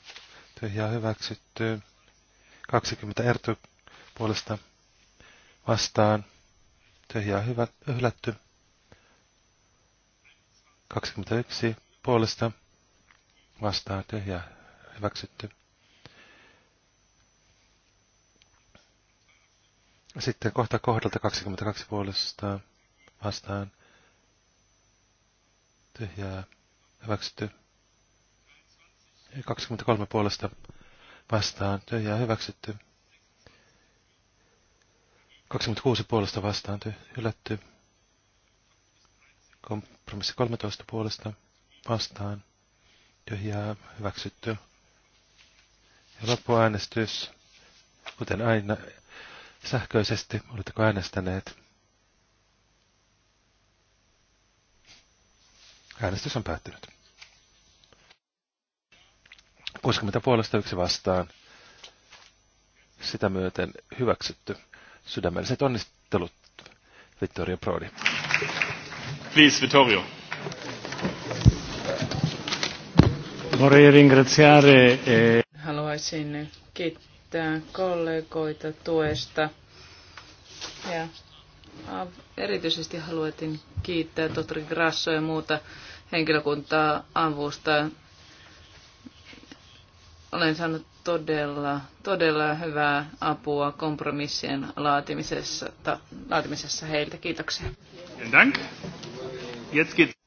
tyhjää hyväksytty. 20 Ertu puolesta vastaan, tyhjää hyvä, hylätty. 21 puolesta vastaan tyhjää hyväksytty. Sitten kohta kohdalta 22 puolesta vastaan tyhjää hyväksytty. 23 puolesta vastaan tyhjää hyväksytty. 26 puolesta vastaan hylätty. Kompromissi 13 puolesta vastaan tyhjää hyväksytty. Ja loppuäänestys, kuten aina sähköisesti, oletteko äänestäneet? Äänestys on päättynyt. 60 puolesta yksi vastaan. Sitä myöten hyväksytty. Sydämelliset onnistelut, Vittorio Prodi. Please, Vittorio. Vorrei ringraziare... Eh, haluaisin kiittää kollegoita tuesta ja erityisesti haluaisin kiittää tohtori Grasso ja muuta henkilökuntaa avusta. Olen saanut todella, todella hyvää apua kompromissien laatimisessa, ta, laatimisessa heiltä. Kiitoksia. Dank.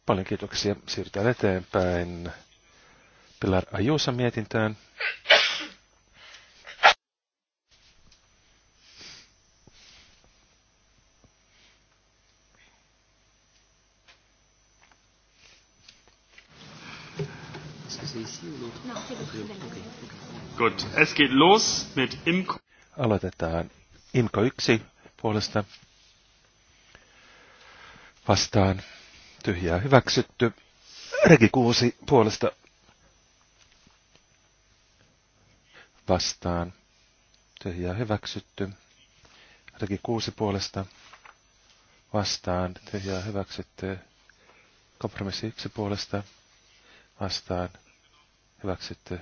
Paljon kiitoksia. Siirrytään eteenpäin Pilar Ajuusa mietintään. Gut, es geht los mit Imko. Aloitetaan Imko 1 puolesta. Vastaan tyhjää hyväksytty. Regi 6 puolesta. Vastaan tyhjää hyväksytty. Regi 6 puolesta. Vastaan tyhjää hyväksytty. Kompromissi 1 puolesta. Vastaan hyväksytty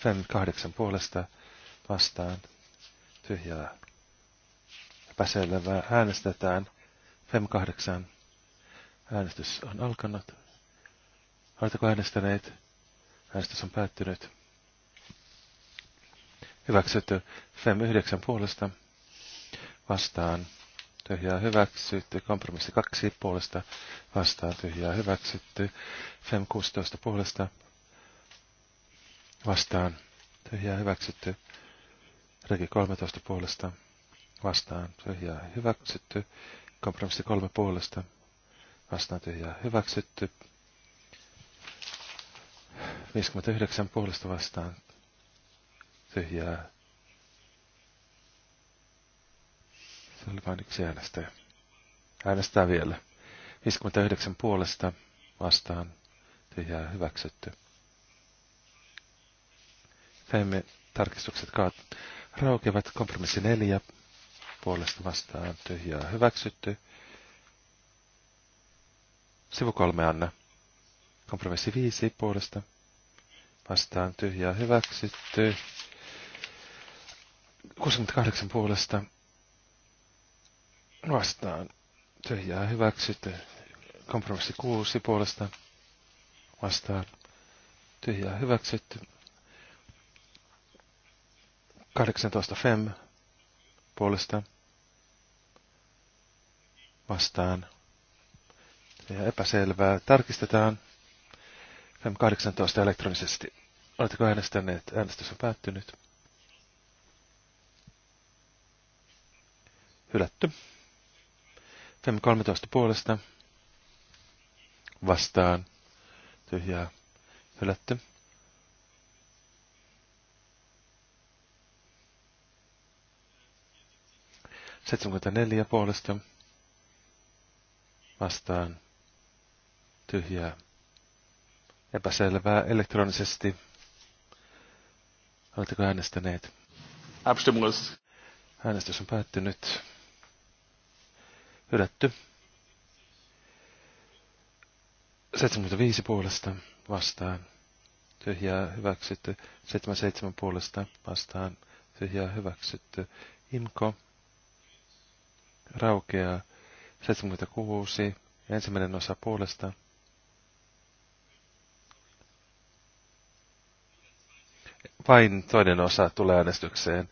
Fem kahdeksan puolesta vastaan tyhjää epäselvää. Äänestetään Fem kahdeksan. Äänestys on alkanut. Oletteko äänestäneet? Äänestys on päättynyt. Hyväksytty Fem yhdeksän puolesta vastaan tyhjää hyväksytty, kompromissi 2 puolesta vastaan tyhjää hyväksytty, FEM 16 puolesta vastaan, tyhjää hyväksytty. Regi 13 puolesta vastaan, tyhjää hyväksytty. Kompromissi 3 puolesta vastaan, tyhjää hyväksytty. 59 puolesta vastaan, tyhjää. Se oli vain yksi äänestäjä. Äänestää vielä. 59 puolesta vastaan, tyhjää hyväksytty. Femme tarkistukset kaat raukevat kompromissi neljä puolesta vastaan tyhjää hyväksytty. Sivu kolme Anna. Kompromissi viisi puolesta vastaan tyhjää hyväksytty. 68 puolesta vastaan tyhjää hyväksytty. Kompromissi kuusi puolesta vastaan tyhjää hyväksytty. 18.5 puolesta vastaan. Ja epäselvää. Tarkistetaan. Fem 18 elektronisesti. Oletteko äänestäneet? Äänestys on päättynyt. Hylätty. Fem 13 puolesta vastaan. Tyhjää. Hylätty. 74 puolesta vastaan tyhjää epäselvää elektronisesti. Oletteko äänestäneet? Abstimulus. Äänestys on päättynyt. Hylätty. 75 puolesta vastaan. Tyhjää hyväksytty. 77 puolesta vastaan. Tyhjää hyväksytty. inko raukeaa 76, ensimmäinen osa puolesta. Vain toinen osa tulee äänestykseen.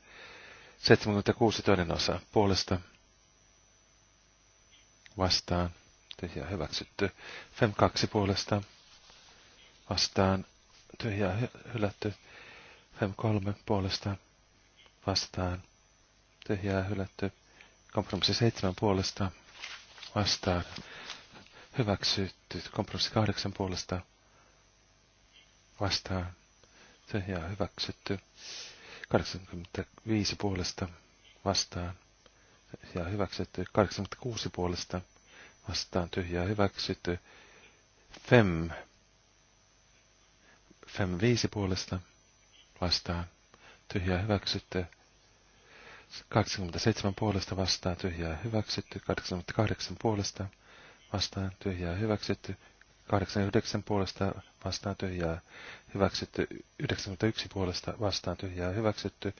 76 toinen osa puolesta. Vastaan. Tyhjää hyväksytty. Fem 2 puolesta. Vastaan. Tyhjää hylätty. Fem 3 puolesta. Vastaan. Tyhjää hylätty. Kompromissi seitsemän puolesta vastaan hyväksytty. Kompromissi kahdeksan puolesta vastaan se ja hyväksytty. 85 puolesta vastaan ja hyväksytty. 86 puolesta vastaan tyhjää hyväksytty. Fem. Fem viisi puolesta vastaan tyhjää hyväksytty. 87 puolesta vastaan tyhjää hyväksytty, 88 puolesta vastaan tyhjää hyväksytty, 89 puolesta vastaan tyhjää hyväksytty, 91 puolesta vastaan tyhjää hyväksytty,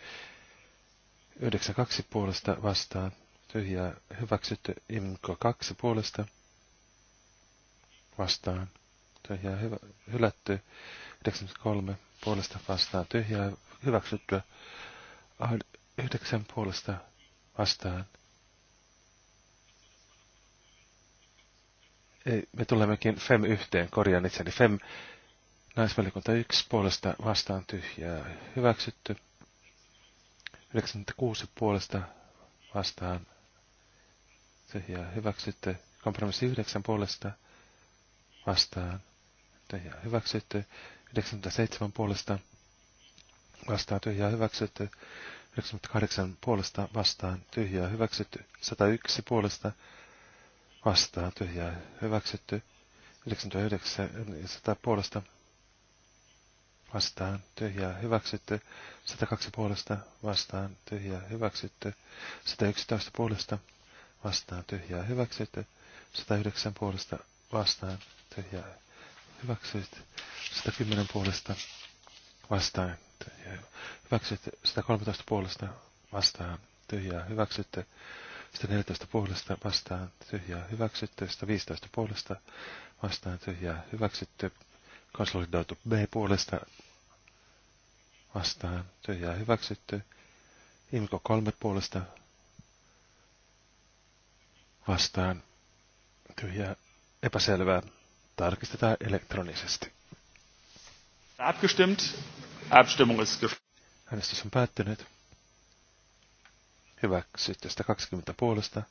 92 puolesta vastaan tyhjää hyväksytty, imko 2 puolesta vastaan tyhjää hyvä, hylätty, 93 puolesta vastaan tyhjää hyväksyttyä, Yhdeksän puolesta vastaan. Ei, me tulemmekin FEM yhteen, korjaan itseni. FEM naisvalikunta yksi puolesta vastaan tyhjää hyväksytty. 96 puolesta vastaan tyhjää hyväksytty. Kompromissi 9 puolesta vastaan tyhjää hyväksytty. 97 puolesta vastaan tyhjää hyväksytty. 98 puolesta vastaan tyhjää hyväksytty. 101 puolesta vastaan tyhjää hyväksytty. 99 100 puolesta vastaan tyhjää hyväksytty. 102 puolesta vastaan tyhjää hyväksytty. 111 puolesta vastaan tyhjää hyväksytty. 109 puolesta vastaan tyhjää hyväksytty. 110 puolesta vastaan tyhjää. Hyväksytte 13 puolesta vastaan tyhjää. Hyväksytte sitä 14 puolesta vastaan tyhjää. Hyväksytte 15 puolesta vastaan tyhjää. Hyväksytte konsolidoitu B puolesta vastaan tyhjää. Hyväksytty Imko 3 puolesta vastaan tyhjää. Epäselvää. Tarkistetaan elektronisesti. Abgestimmt. Abstimmung ist Äänestys on päättynyt. Hyväksytystä 20 puolesta.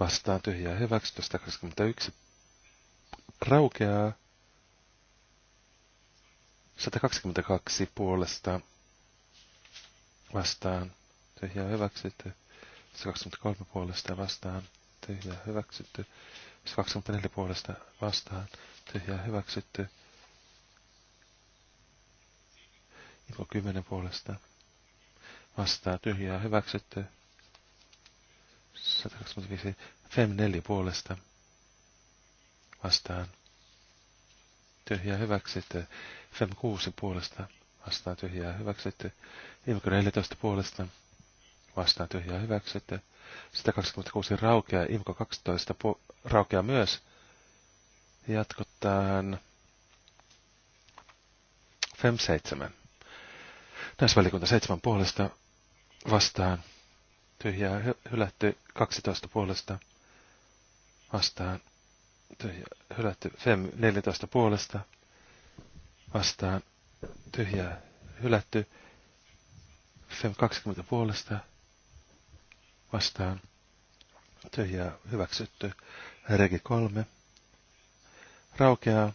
Vastaan tyhjää Hyväksytystä 21. raukeaa. 122 puolesta vastaan tyhjää hyväksytty. 123 puolesta vastaan tyhjää hyväksytty. 124 puolesta vastaan tyhjää hyväksytty. Iko 10 puolesta. Vastaa tyhjää hyväksytty. 125. Fem 4 puolesta. Vastaan. Tyhjää hyväksytty. Fem 6 puolesta. Vastaan tyhjää hyväksytty. Iko 14 puolesta. Vastaan tyhjää hyväksytty. 126 raukea. Imko 12 raukea myös. Jatkotaan. Fem 7. Naisvalikunta seitsemän puolesta vastaan. Tyhjää hylätty 12 puolesta vastaan. Tyhjää hylätty Fem 14 puolesta vastaan. Tyhjää hylätty Fem 20 puolesta vastaan. Tyhjää hyväksytty. Regi 3. Raukeaa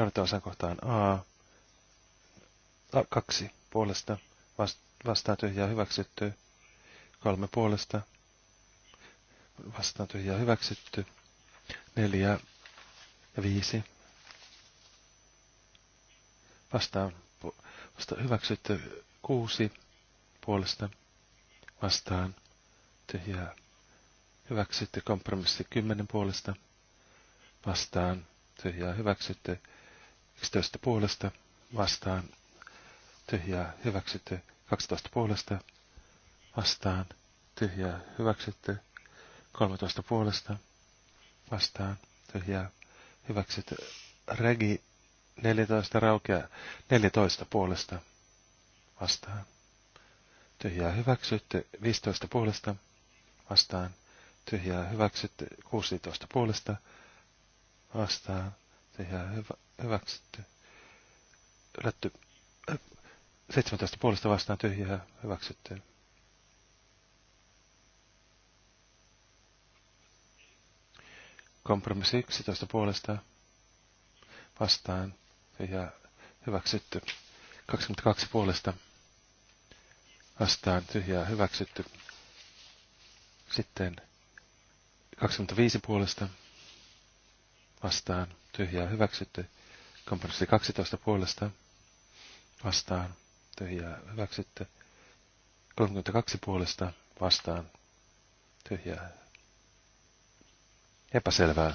johdataan kohtaan A. A. Kaksi puolesta vastaa tyhjää hyväksytty. Kolme puolesta vastaa tyhjää hyväksytty. Neljä ja viisi. Vastaan vasta hyväksytty kuusi puolesta vastaan tyhjää. Hyväksytty kompromissi kymmenen puolesta vastaan tyhjää hyväksytty 11 puolesta vastaan tyhjää hyväksytty. 12 puolesta vastaan tyhjää hyväksytty. 13 puolesta vastaan tyhjää hyväksytty. Regi 14 raukea 14 puolesta vastaan. Tyhjää hyväksytty 15 puolesta vastaan. Tyhjää hyväksytty 16 puolesta vastaan tyhjää hyvä, hyväksytty. Hylätty. 17 äh, puolesta vastaan tyhjää hyväksytty. Kompromissi 11 puolesta vastaan tyhjää hyväksytty. 22 puolesta vastaan tyhjää hyväksytty. Sitten 25 puolesta vastaan tyhjää hyväksytty. Kompromissi 12 puolesta vastaan tyhjää hyväksytty. 32 puolesta vastaan tyhjää. Epäselvää.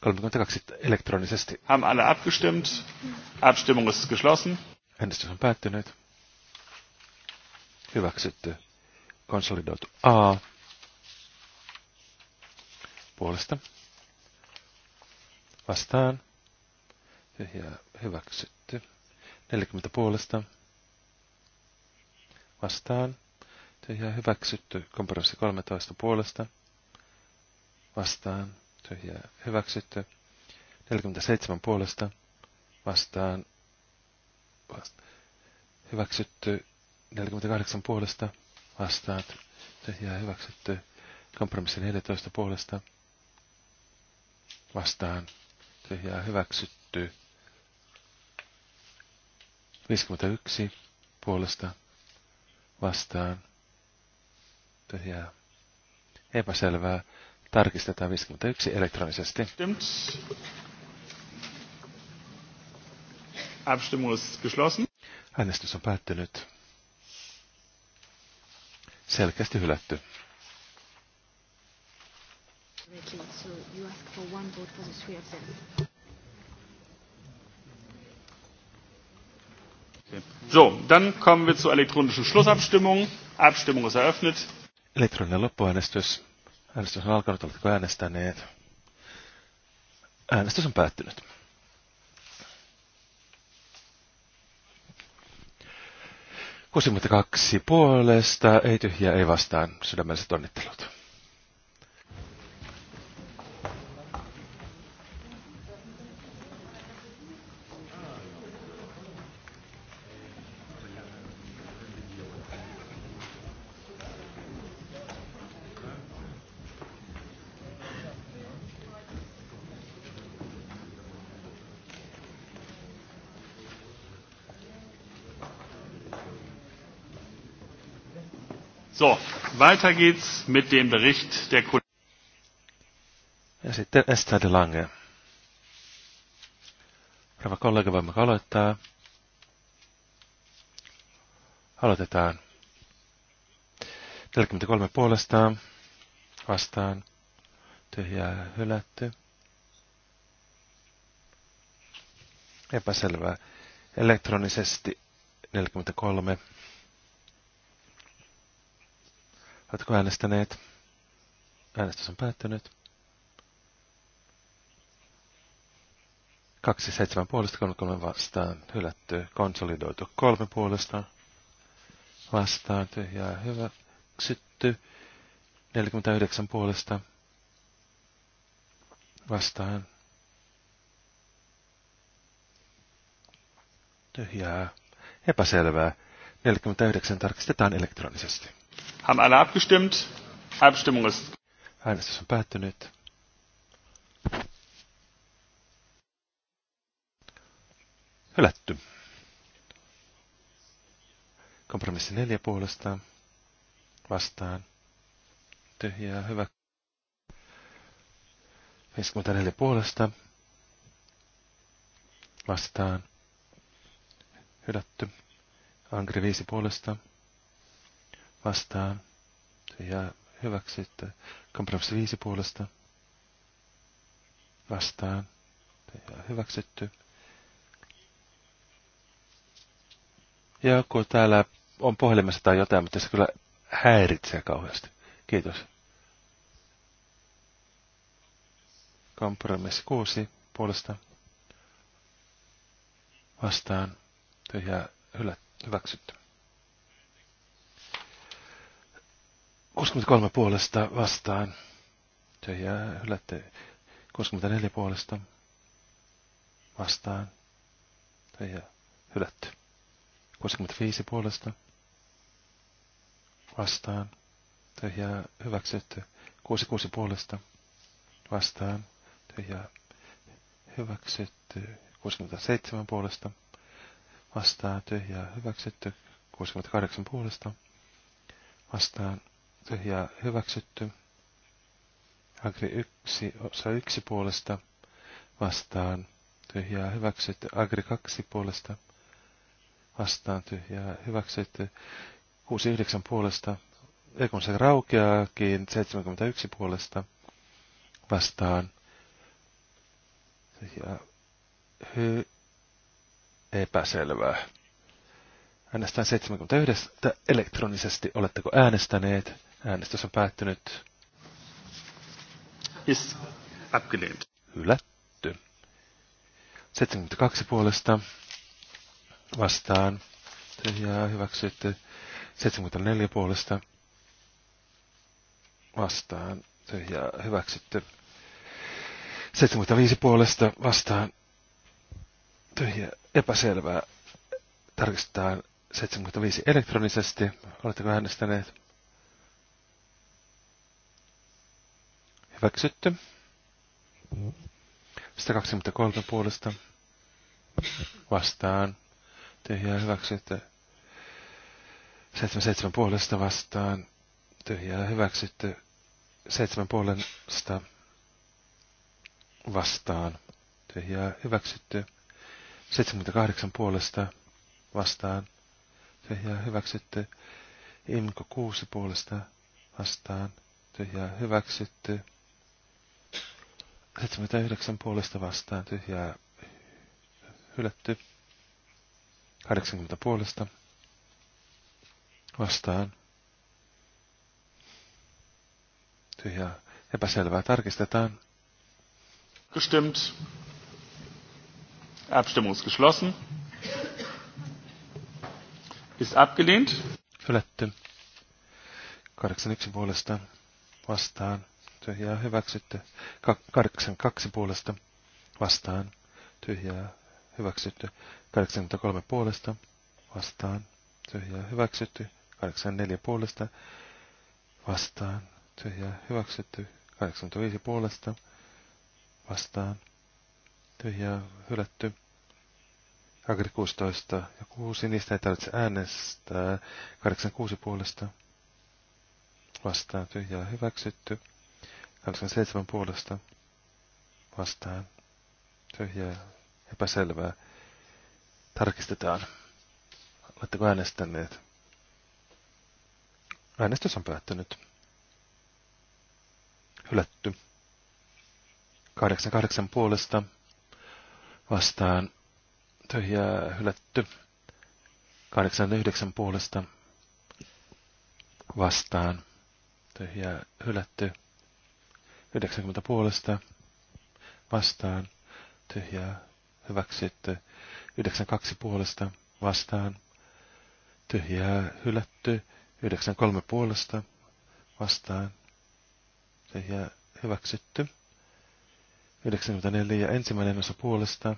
32 elektronisesti. Haben alle abgestimmt. Abstimmung ist geschlossen. Äänestys on päättynyt. Hyväksytty. Konsolidoitu A. Puolesta Vastaan. Tyhjää hyväksytty. 40 puolesta. Vastaan. Tyhjää hyväksytty. Kompromissi 13 puolesta. Vastaan. Tyhjää hyväksytty. 47 puolesta. Vastaan. Vastaan. Hyväksytty. 48 puolesta. Vastaan. Tyhjää hyväksytty. Kompromissi 14 puolesta. Vastaan tyhjää hyväksytty. 51 puolesta vastaan tyhjää epäselvää. Tarkistetaan 51 elektronisesti. Abstimmung ist geschlossen. Äänestys on päättynyt. Selkeästi hylätty. Ricky, so for one vote for the three of them. So, dann kommen wir zur elektronischen Schlussabstimmung. Abstimmung ist eröffnet. Elektroninen loppuäänestys. Äänestys on alkanut, oletteko äänestäneet? Äänestys on päättynyt. kaksi puolesta, ei tyhjä, ei vastaan. Sydämelliset onnittelut. So, weiter geht's mit dem Bericht der Kollegen. Ja sitten Esther de Lange. Rava kollega, voimme aloittaa. Aloitetaan. 43 puolestaan. Vastaan. Tyhjää hylätty. Epäselvää. Elektronisesti 43. Oletko äänestäneet? Äänestys on päättynyt. 27 puolesta, 33 vastaan, hylätty, konsolidoitu, 3 puolesta, vastaan, tyhjää, hyväksytty, 49 puolesta, vastaan, tyhjää, epäselvää, 49 tarkistetaan elektronisesti. Haben alle abgestimmt? Abstimmung ist. Alles ist päättynyt. Hylätty. Kompromissi neljä puolesta. Vastaan. Tyhjää hyvä. 54 puolesta. Vastaan. Hylätty. Angri 5 puolesta vastaan. Tyhjää hyväksytty. Kompromissi viisi puolesta vastaan. Tyhjää hyväksytty. Ja kun täällä on puhelimessa tai jotain, mutta se kyllä häiritsee kauheasti. Kiitos. Kompromissi kuusi puolesta vastaan tyhjää hyväksytty. 63 puolesta vastaan. Tyhjää hylätte 64 puolesta vastaan. Tyhjää hylätty. 65 puolesta vastaan. Tyhjää hyväksytty. 66 puolesta vastaan. Tyhjää hyväksytty. 67 puolesta vastaan. Tyhjää hyväksytty. 68 puolesta vastaan tyhjää hyväksytty. Agri 1, osa 1 puolesta vastaan tyhjää hyväksytty. Agri 2 puolesta vastaan tyhjää hyväksytty. 69 puolesta, ja kun se raukeaakin 71 puolesta vastaan tyhjää hy, epäselvää. Äänestään 71 elektronisesti, Oletteko äänestäneet? Äänestys on päättynyt. Ist abgelehnt. Hylätty. 72 puolesta vastaan. Tyhjää hyväksytty. 74 puolesta vastaan. Tyhjää hyväksytty. 75 puolesta vastaan. Tyhjää epäselvää. Tarkistetaan 75 elektronisesti. Oletteko äänestäneet? Hyväksytty. 123 puolesta vastaan. Tyhjää hyväksytty. 77 puolesta vastaan. Tyhjää hyväksytty. 7 puolesta vastaan. Tyhjää hyväksytty. 78 puolesta vastaan. Tyhjää hyväksytty. Imko 6 puolesta vastaan. Tyhjää hyväksytty. 79 puolesta vastaan tyhjää hylätty. 80 puolesta vastaan. Tyhjää epäselvää tarkistetaan. Gestimmt. Abstimmung ist geschlossen. Ist abgelehnt. Hylätty. 81 puolesta vastaan tyhjää hyväksytty. kaksi puolesta vastaan tyhjää hyväksytty. kolme puolesta vastaan tyhjää hyväksytty. neljä puolesta vastaan tyhjää hyväksytty. viisi puolesta vastaan tyhjää hylätty. Agri 16 ja 6, niistä ei tarvitse äänestää. 86 puolesta vastaan tyhjää hyväksytty seitsemän puolesta vastaan. Tyhjää, epäselvää. Tarkistetaan. Oletteko äänestäneet? Äänestys on päättynyt. Hylätty. 88 puolesta vastaan. Tyhjää, hylätty. 89 puolesta vastaan. Tyhjää, hylätty. 90 puolesta vastaan tyhjää hyväksytty. 92 puolesta vastaan tyhjää hylätty. 93 puolesta vastaan tyhjää hyväksytty. 94 ja ensimmäinen osa puolesta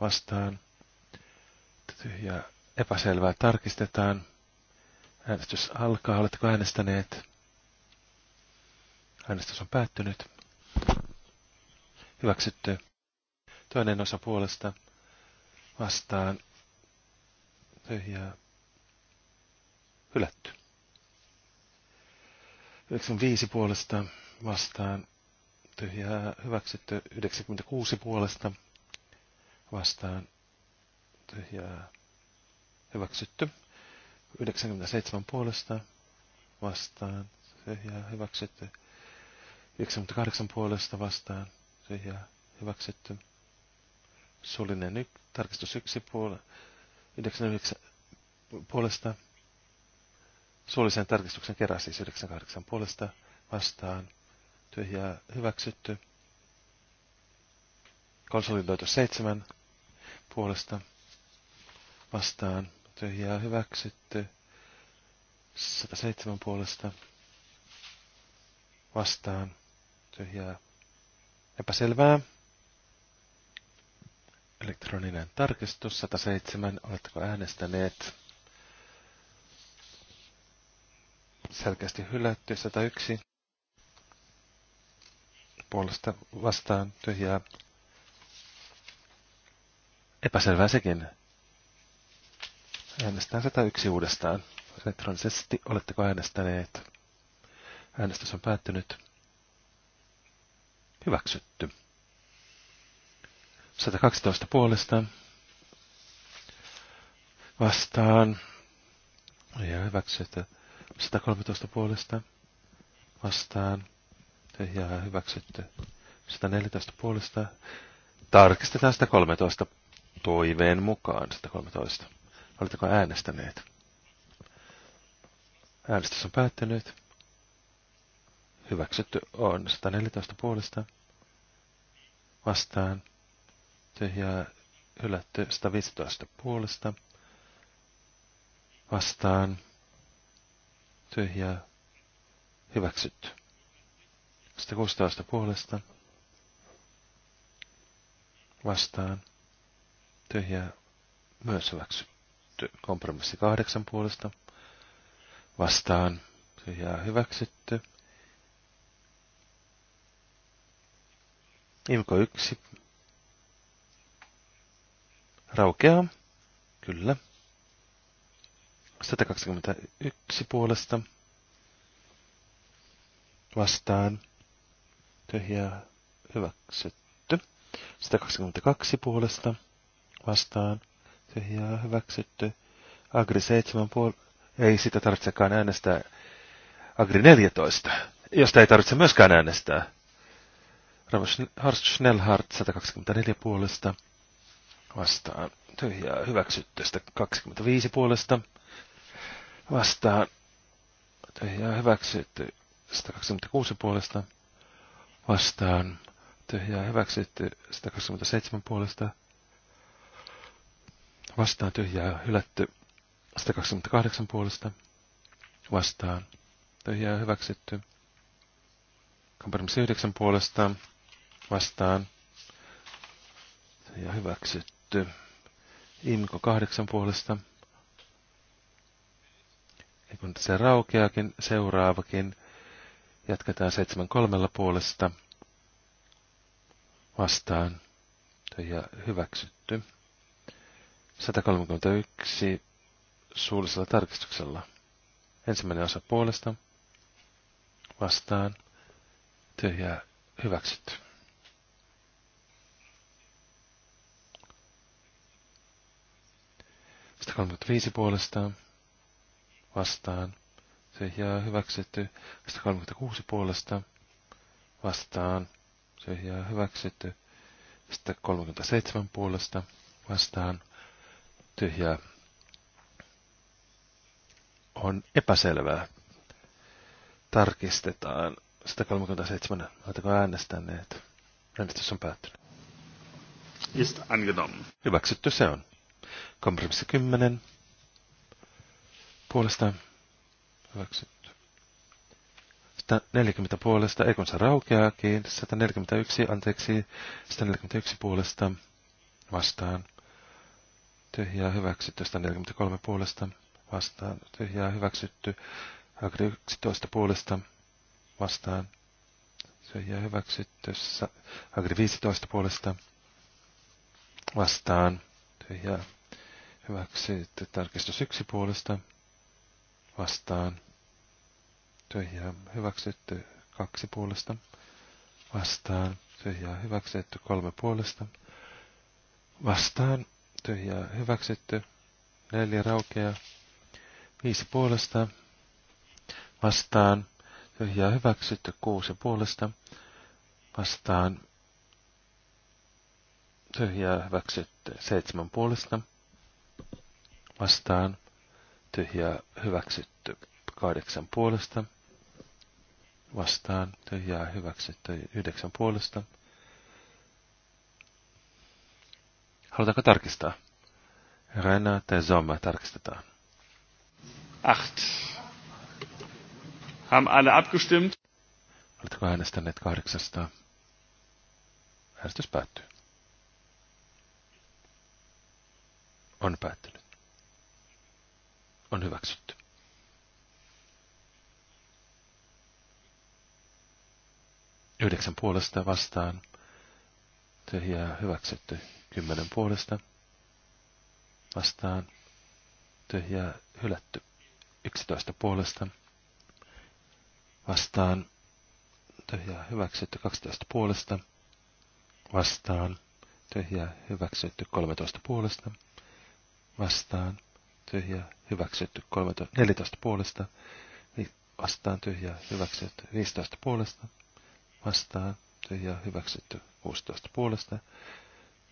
vastaan tyhjää epäselvää tarkistetaan. Äänestys alkaa. Oletteko äänestäneet? Äänestys on päättynyt. Hyväksytty. Toinen osa puolesta vastaan tyhjää hylätty. 95 puolesta vastaan tyhjää hyväksytty. 96 puolesta vastaan tyhjää hyväksytty. 97 puolesta vastaan tyhjää hyväksytty. 98 puolesta vastaan. Tyhjää. Hyväksytty. Sulinen y- tarkistus 1 puole- 99 puolesta. Suullisen tarkistuksen kerran siis 98 puolesta vastaan. Tyhjää. Hyväksytty. Konsolidoitu 7 puolesta vastaan. Tyhjää. Hyväksytty. 107 puolesta vastaan tyhjää epäselvää. Elektroninen tarkistus 107. Oletteko äänestäneet? Selkeästi hylätty 101. Puolesta vastaan tyhjää. Epäselvää sekin. Äänestään 101 uudestaan. Elektronisesti oletteko äänestäneet? Äänestys on päättynyt. Hyväksytty. 112 puolesta. Vastaan. Ja hyväksytty. 113 puolesta. Vastaan. Ja hyväksytty. 114 puolesta. Tarkistetaan 113 toiveen mukaan 113. Oletteko äänestäneet? Äänestys on päättynyt. Hyväksytty on 114 puolesta vastaan tyhjää hylätty 115 puolesta vastaan tyhjää hyväksytty 116 puolesta vastaan tyhjää myös hyväksytty kompromissi 8 puolesta vastaan tyhjää hyväksytty Imko yksi. Raukeaa. Kyllä. 121 puolesta. Vastaan. Tyhjää. Hyväksytty. 122 puolesta. Vastaan. Tyhjää. Hyväksytty. Agri 7 puolesta. Ei sitä tarvitsekaan äänestää. Agri 14, josta ei tarvitse myöskään äänestää. Horst Schnellhardt 124 puolesta vastaan tyhjää hyväksyttöstä 25 puolesta vastaan tyhjää hyväksytty 126 puolesta vastaan tyhjää hyväksytty 127 puolesta vastaan tyhjää hylätty 128 puolesta vastaan tyhjää hyväksytty kompromissi 9 puolesta vastaan ja hyväksytty. Imko kahdeksan puolesta. Ja kun se raukeakin, seuraavakin jatketaan seitsemän kolmella puolesta vastaan ja hyväksytty. 131 suullisella tarkistuksella. Ensimmäinen osa puolesta vastaan tyhjää hyväksytty. 135 puolestaan vastaan. Se jää hyväksytty. 136 puolesta vastaan. Se jää hyväksytty. 137 puolesta vastaan. Tyhjää on epäselvää. Tarkistetaan 137. Oletteko äänestäneet? Äänestys on päättynyt. Ist angenommen. Hyväksytty se on. Kompromissi 10. Puolesta hyväksytty. 140 puolesta, ei kun se raukeaakin. 141, anteeksi, 141 puolesta vastaan. Tyhjää hyväksytty, 143 puolesta vastaan. Tyhjää hyväksytty, 11 puolesta vastaan. Tyhjää hyväksytty, Agri 15 puolesta vastaan. Tyhjää Hyväksytty tarkistus yksi puolesta vastaan. Tyhjää hyväksytty kaksi puolesta vastaan. Tyhjää hyväksytty kolme puolesta vastaan. Tyhjää hyväksytty neljä raukeaa. Viisi puolesta vastaan. Tyhjää hyväksytty kuusi puolesta vastaan. Tyhjää hyväksytty seitsemän puolesta vastaan tyhjää hyväksytty kahdeksan puolesta vastaan tyhjää hyväksytty yhdeksän puolesta. Halutaanko tarkistaa? Rena tai Zomme tarkistetaan. Acht. Haben alle abgestimmt? Oletteko äänestäneet kahdeksasta? Äänestys päättyy. On päättynyt on hyväksytty. Yhdeksän puolesta vastaan tyhjää hyväksytty. Kymmenen puolesta vastaan tyhjää hylätty. Yksitoista puolesta vastaan tyhjää hyväksytty. Kaksitoista puolesta vastaan tyhjää hyväksytty. Kolmetoista puolesta vastaan tyhjää, hyväksytty 13, 14 puolesta, vastaan tyhjää, hyväksytty 15 puolesta, vastaan tyhjää, hyväksytty 16 puolesta,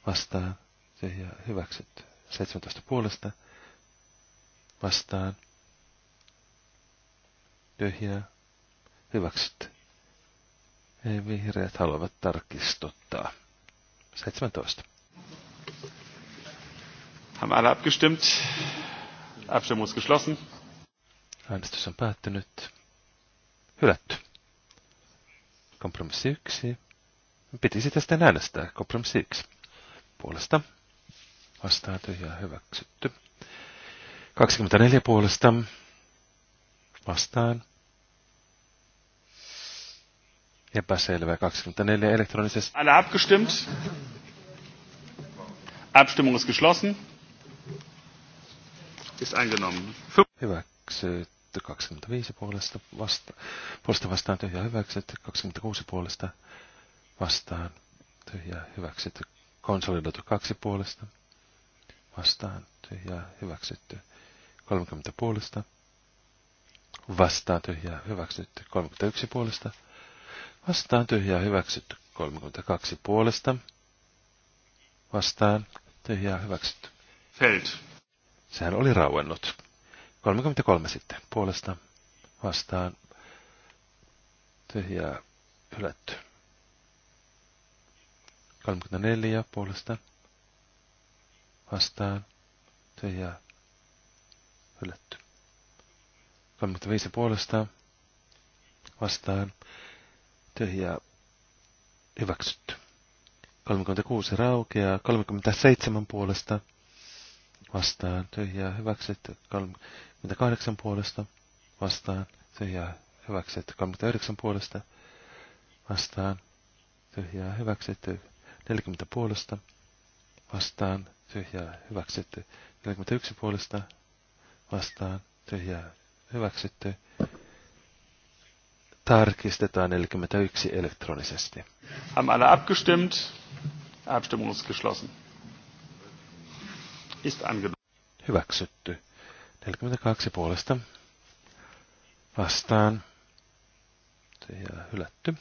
vastaan tyhjää, hyväksytty 17 puolesta, vastaan tyhjää, hyväksytty. Ei vihreät haluavat tarkistuttaa. 17. Haben alle abgestimmt? Abstimmung ist geschlossen. Äänestys on päättynyt. Hylätty. Kompromissi yksi. Piti sitä sitten äänestää. Kompromissi yksi. Puolesta. Vastaan tyhjää hyväksytty. 24 puolesta. Vastaan. Epäselvä. 24 elektronisessa. Alle abgestimmt. Abstimmung ist geschlossen ist angenommen. Hyväksytty 25 puolesta, vasta, puolesta vastaan tyhjää hyväksytty, 26 puolesta vastaan tyhjää hyväksytty, konsolidoitu 2 puolesta vastaan tyhjää hyväksytty, 30 puolesta vastaan tyhjää hyväksytty, 31 puolesta vastaan tyhjää hyväksytty, 32 puolesta vastaan tyhjää hyväksytty. Feld. Sehän oli rauennut. 33 sitten. Puolesta vastaan tyhjää hylätty. 34 puolesta vastaan tyhjää hylätty. 35 puolesta vastaan tyhjää hyväksytty. 36 raukeaa, 37 puolesta vastaan tyhjää hyväkset, 38 puolesta vastaan tyhjää hyväkset, 39 puolesta vastaan tyhjää hyväksytty 40 puolesta vastaan tyhjää hyväksytty 41 puolesta vastaan tyhjää hyväksytty tarkistetaan 41 elektronisesti. Haben alle abgestimmt? Abstimmung ist geschlossen. Hyväksytty. 42 puolesta. Vastaan. Ja hylätty.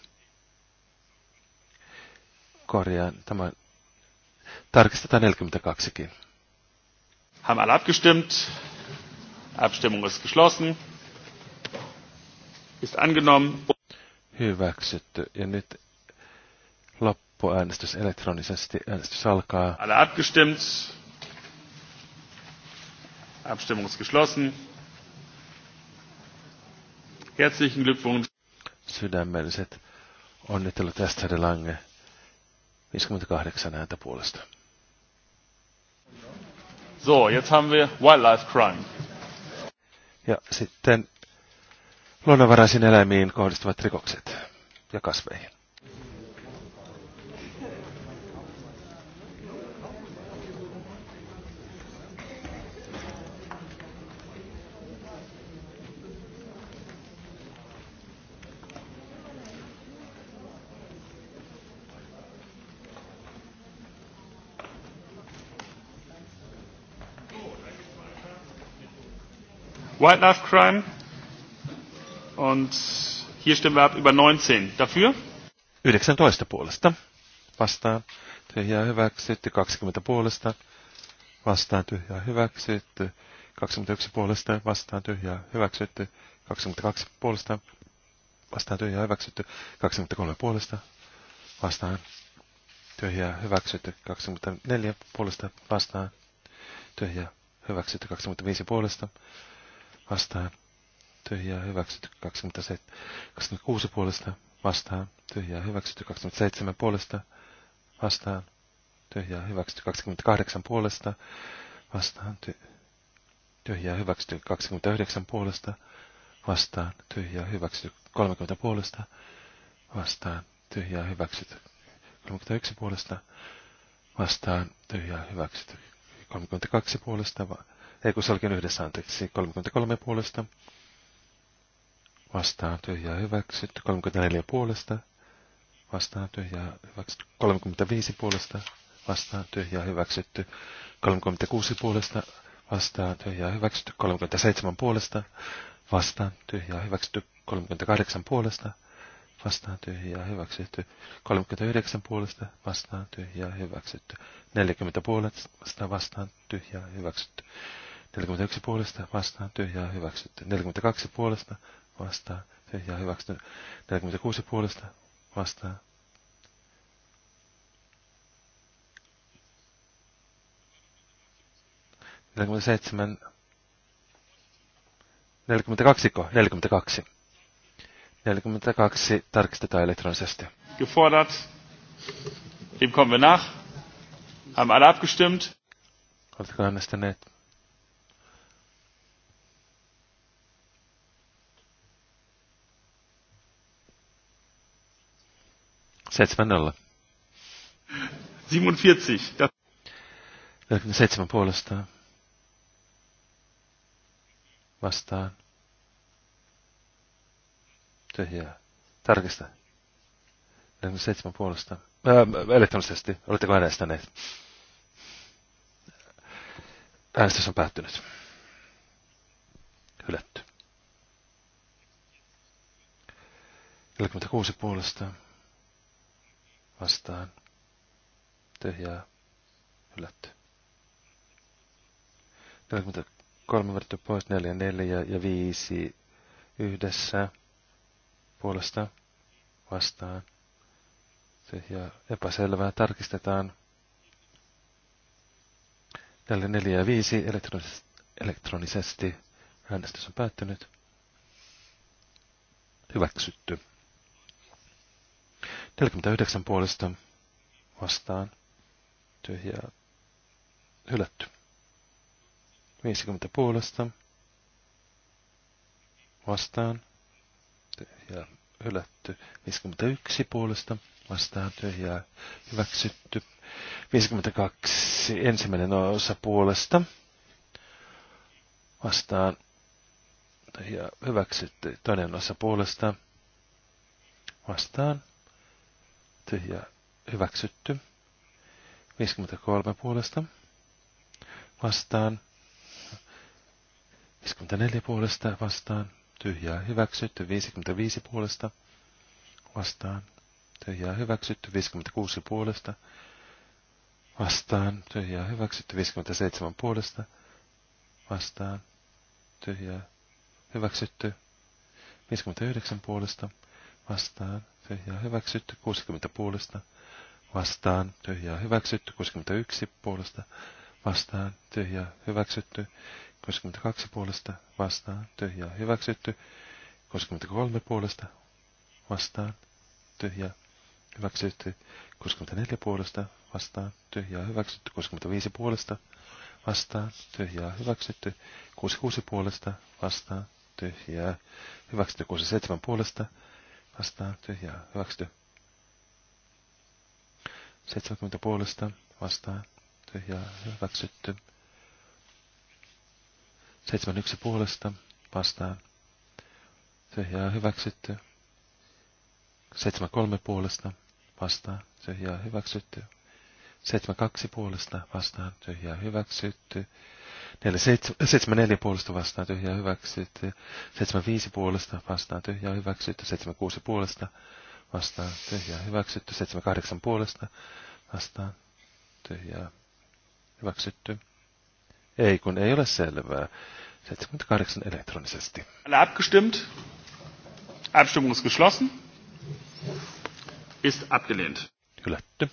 Korjaan tämä. Tarkistetaan 42kin. Haben alle abgestimmt. Abstimmung ist geschlossen. Ist angenommen. Hyväksytty. Ja nyt loppuäänestys elektronisesti. Äänestys alkaa. Alle abgestimmt. Abstimmung ist geschlossen. Herzlichen Glückwunsch. Sydämelliset onnittelut Esther Lange 58 ääntä puolesta. So, jetzt haben wir Wildlife Crime. Ja sitten luonnonvaraisiin eläimiin kohdistuvat rikokset ja kasveihin. Wildlife Crime. Und hier stimmen wir ab über 19. Dafür? 19 puolesta. Vastaan. Tyhjää hyväksytty. 20 puolesta. Vastaan tyhjää hyväksytty. 21 puolesta. Vastaan tyhjää hyväksytty. 22 puolesta. Vastaan tyhjää hyväksytty. 23 puolesta. Vastaan tyhjää hyväksytty. 24 puolesta. Vastaan tyhjää hyväksytty. 25 puolesta vastaan tyhjää hyväksytty 27, 26 puolesta vastaan tyhjää hyväksytty 27 puolesta vastaan tyhjää hyväksytty 28 puolesta vastaan ty- tyhjää hyväksytty 29 puolesta vastaan tyhjää hyväksytty 30 puolesta vastaan tyhjää hyväksytty 31 puolesta vastaan tyhjää hyväksytty 32 puolesta vastaan ei kun se yhdessä, anteeksi, 33 puolesta. Vastaan tyhjää hyväksytty, 34 puolesta. Vastaan tyhjää hyväksytty, 35 puolesta. Vastaan tyhjää hyväksytty, 36 puolesta. Vastaan tyhjää hyväksytty, 37 puolesta. Vastaan tyhjää hyväksytty, 38 puolesta vastaan tyhjää hyväksytty, 39 puolesta vastaan tyhjää hyväksytty, 40 puolesta vastaan tyhjää hyväksytty, 41 puolesta vastaan tyhjää hyväksytty. 42 puolesta vastaan tyhjää hyväksytty. 46 puolesta vastaan. Neljäkymmentäseitsemän, neljäkymmentäkaksi, neljäkymmentäkaksi. 42 tarkistetaan elektronisesti. Gefordert. Dem kommen wir nach. Haben alle abgestimmt. Oletko äänestäneet? 7-0. 47. 47 puolestaan. Vastaan. Tyhjää. Tarkista. 47 puolestaan. Öö, äh, elektronisesti. Oletteko äänestäneet? Äänestys on päättynyt. Hylätty. 46 puolestaan vastaan tyhjää hylätty. 43 vedetty pois, 4, 4 ja 5 yhdessä puolesta vastaan. Tyhjää epäselvää tarkistetaan. 4, 4 ja 5 elektronis elektronisesti. Äänestys on päättynyt. Hyväksytty. 49 puolesta vastaan tyhjää hylätty. 50 puolesta vastaan tyhjää hylätty. 51 puolesta vastaan tyhjää hyväksytty. 52 ensimmäinen osa puolesta vastaan tyhjää, hyväksytty toinen osa puolesta vastaan tyhjää hyväksytty. 53 puolesta vastaan. 54 puolesta vastaan. Tyhjää hyväksytty. 55 puolesta vastaan. Tyhjää hyväksytty. 56 puolesta vastaan. Tyhjää hyväksytty. 57 puolesta vastaan. Tyhjää hyväksytty. 59 puolesta vastaan tyhjää hyväksytty 60 puolesta, vastaan tyhjää hyväksytty 61 puolesta, vastaan tyhjää hyväksytty 62 puolesta, vastaan tyhjää hyväksytty 63 puolesta, vastaan tyhjää hyväksytty 64 puolesta, vastaan tyhjää hyväksytty 65 puolesta, vastaan tyhjää hyväksytty 66 puolesta, vastaan tyhjää hyväksytty 67 puolesta, vastaan, vastaan tyhjää hyväksytty. 70 puolesta vastaan tyhjää hyväksytty. 71 puolesta vastaan tyhjää hyväksytty. 73 puolesta vastaan tyhjää hyväksytty. 72 puolesta vastaan tyhjää hyväksytty. 74 puolesta vastaan tyhjää hyväksytty. 75 puolesta vastaan tyhjää hyväksytty. 76 puolesta vastaan tyhjää hyväksytty. 78 puolesta vastaan tyhjää hyväksytty. Ei, kun ei ole selvää. 78 elektronisesti. Alle abgestimmt. Abstimmung ist geschlossen. Ist abgelehnt. Hylätty.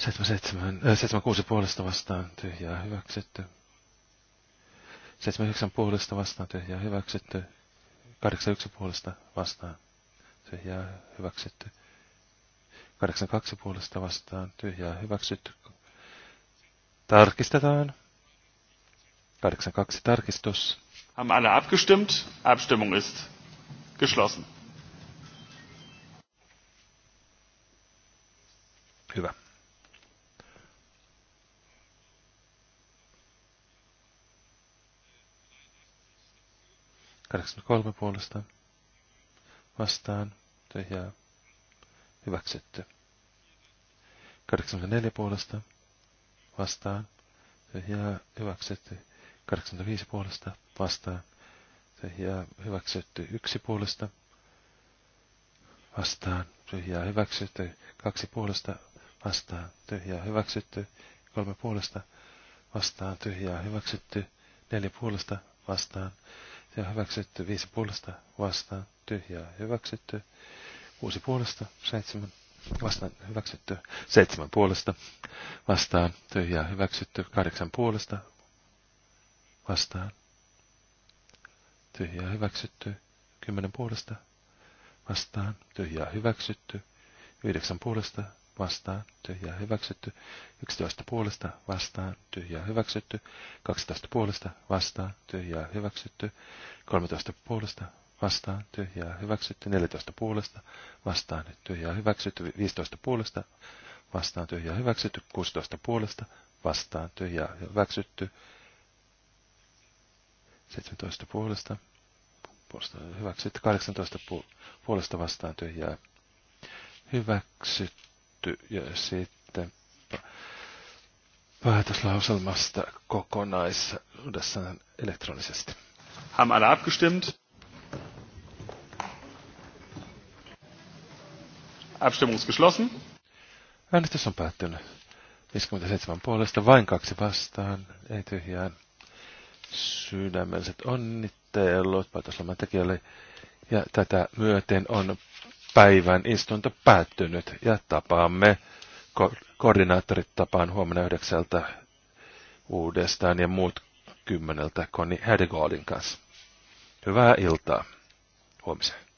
76 puolesta vastaan tyhjää hyväksytty. 79 puolesta vastaan tyhjää hyväksytty. 81 puolesta vastaan tyhjää hyväksytty. 82 puolesta vastaan tyhjää hyväksytty. Tarkistetaan. 82 tarkistus. Haben alle abgestimmt? Abstimmung ist geschlossen. Hyvä. 83 puolesta vastaan tyhjää hyväksytty. 84 puolesta vastaan tyhjää hyväksytty. 85 puolesta vastaan tyhjää hyväksytty. 1 puolesta vastaan tyhjää hyväksytty. 2 puolesta vastaan tyhjää hyväksytty. 3 puolesta vastaan tyhjää hyväksytty. 4 puolesta vastaan ja hyväksytty. Viisi puolesta vastaan tyhjää hyväksytty. Kuusi puolesta, seitsemän vastaan hyväksytty. Seitsemän puolesta vastaan tyhjää hyväksytty. Kahdeksan puolesta vastaan tyhjää hyväksytty. Kymmenen puolesta vastaan tyhjää hyväksytty. Yhdeksän puolesta vastaan, tyhjää hyväksytty. 11 puolesta vastaan, tyhjää hyväksytty. 12 puolesta vastaan, tyhjää hyväksytty. 13 puolesta vastaan, tyhjää hyväksytty. 14 puolesta vastaan, tyhjää hyväksytty. 15 puolesta vastaan, tyhjää hyväksytty. 16 puolesta vastaan, tyhjää hyväksytty. 17 puolesta puolesta hyväksytty. 18 puolesta vastaan, tyhjää hyväksytty hyväksytty ja sitten päätöslauselmasta kokonaisuudessaan elektronisesti. Haben alle abgestimmt? Abstimmung geschlossen. Äänestys on päättynyt. 57 puolesta, vain kaksi vastaan, ei tyhjään. Sydämelliset onnittelut päätöslauselman tekijälle. Ja tätä myöten on päivän istunto päättynyt ja tapaamme ko- koordinaattorit tapaan huomenna yhdeksältä uudestaan ja muut kymmeneltä Koni Hedegaardin kanssa. Hyvää iltaa huomiseen.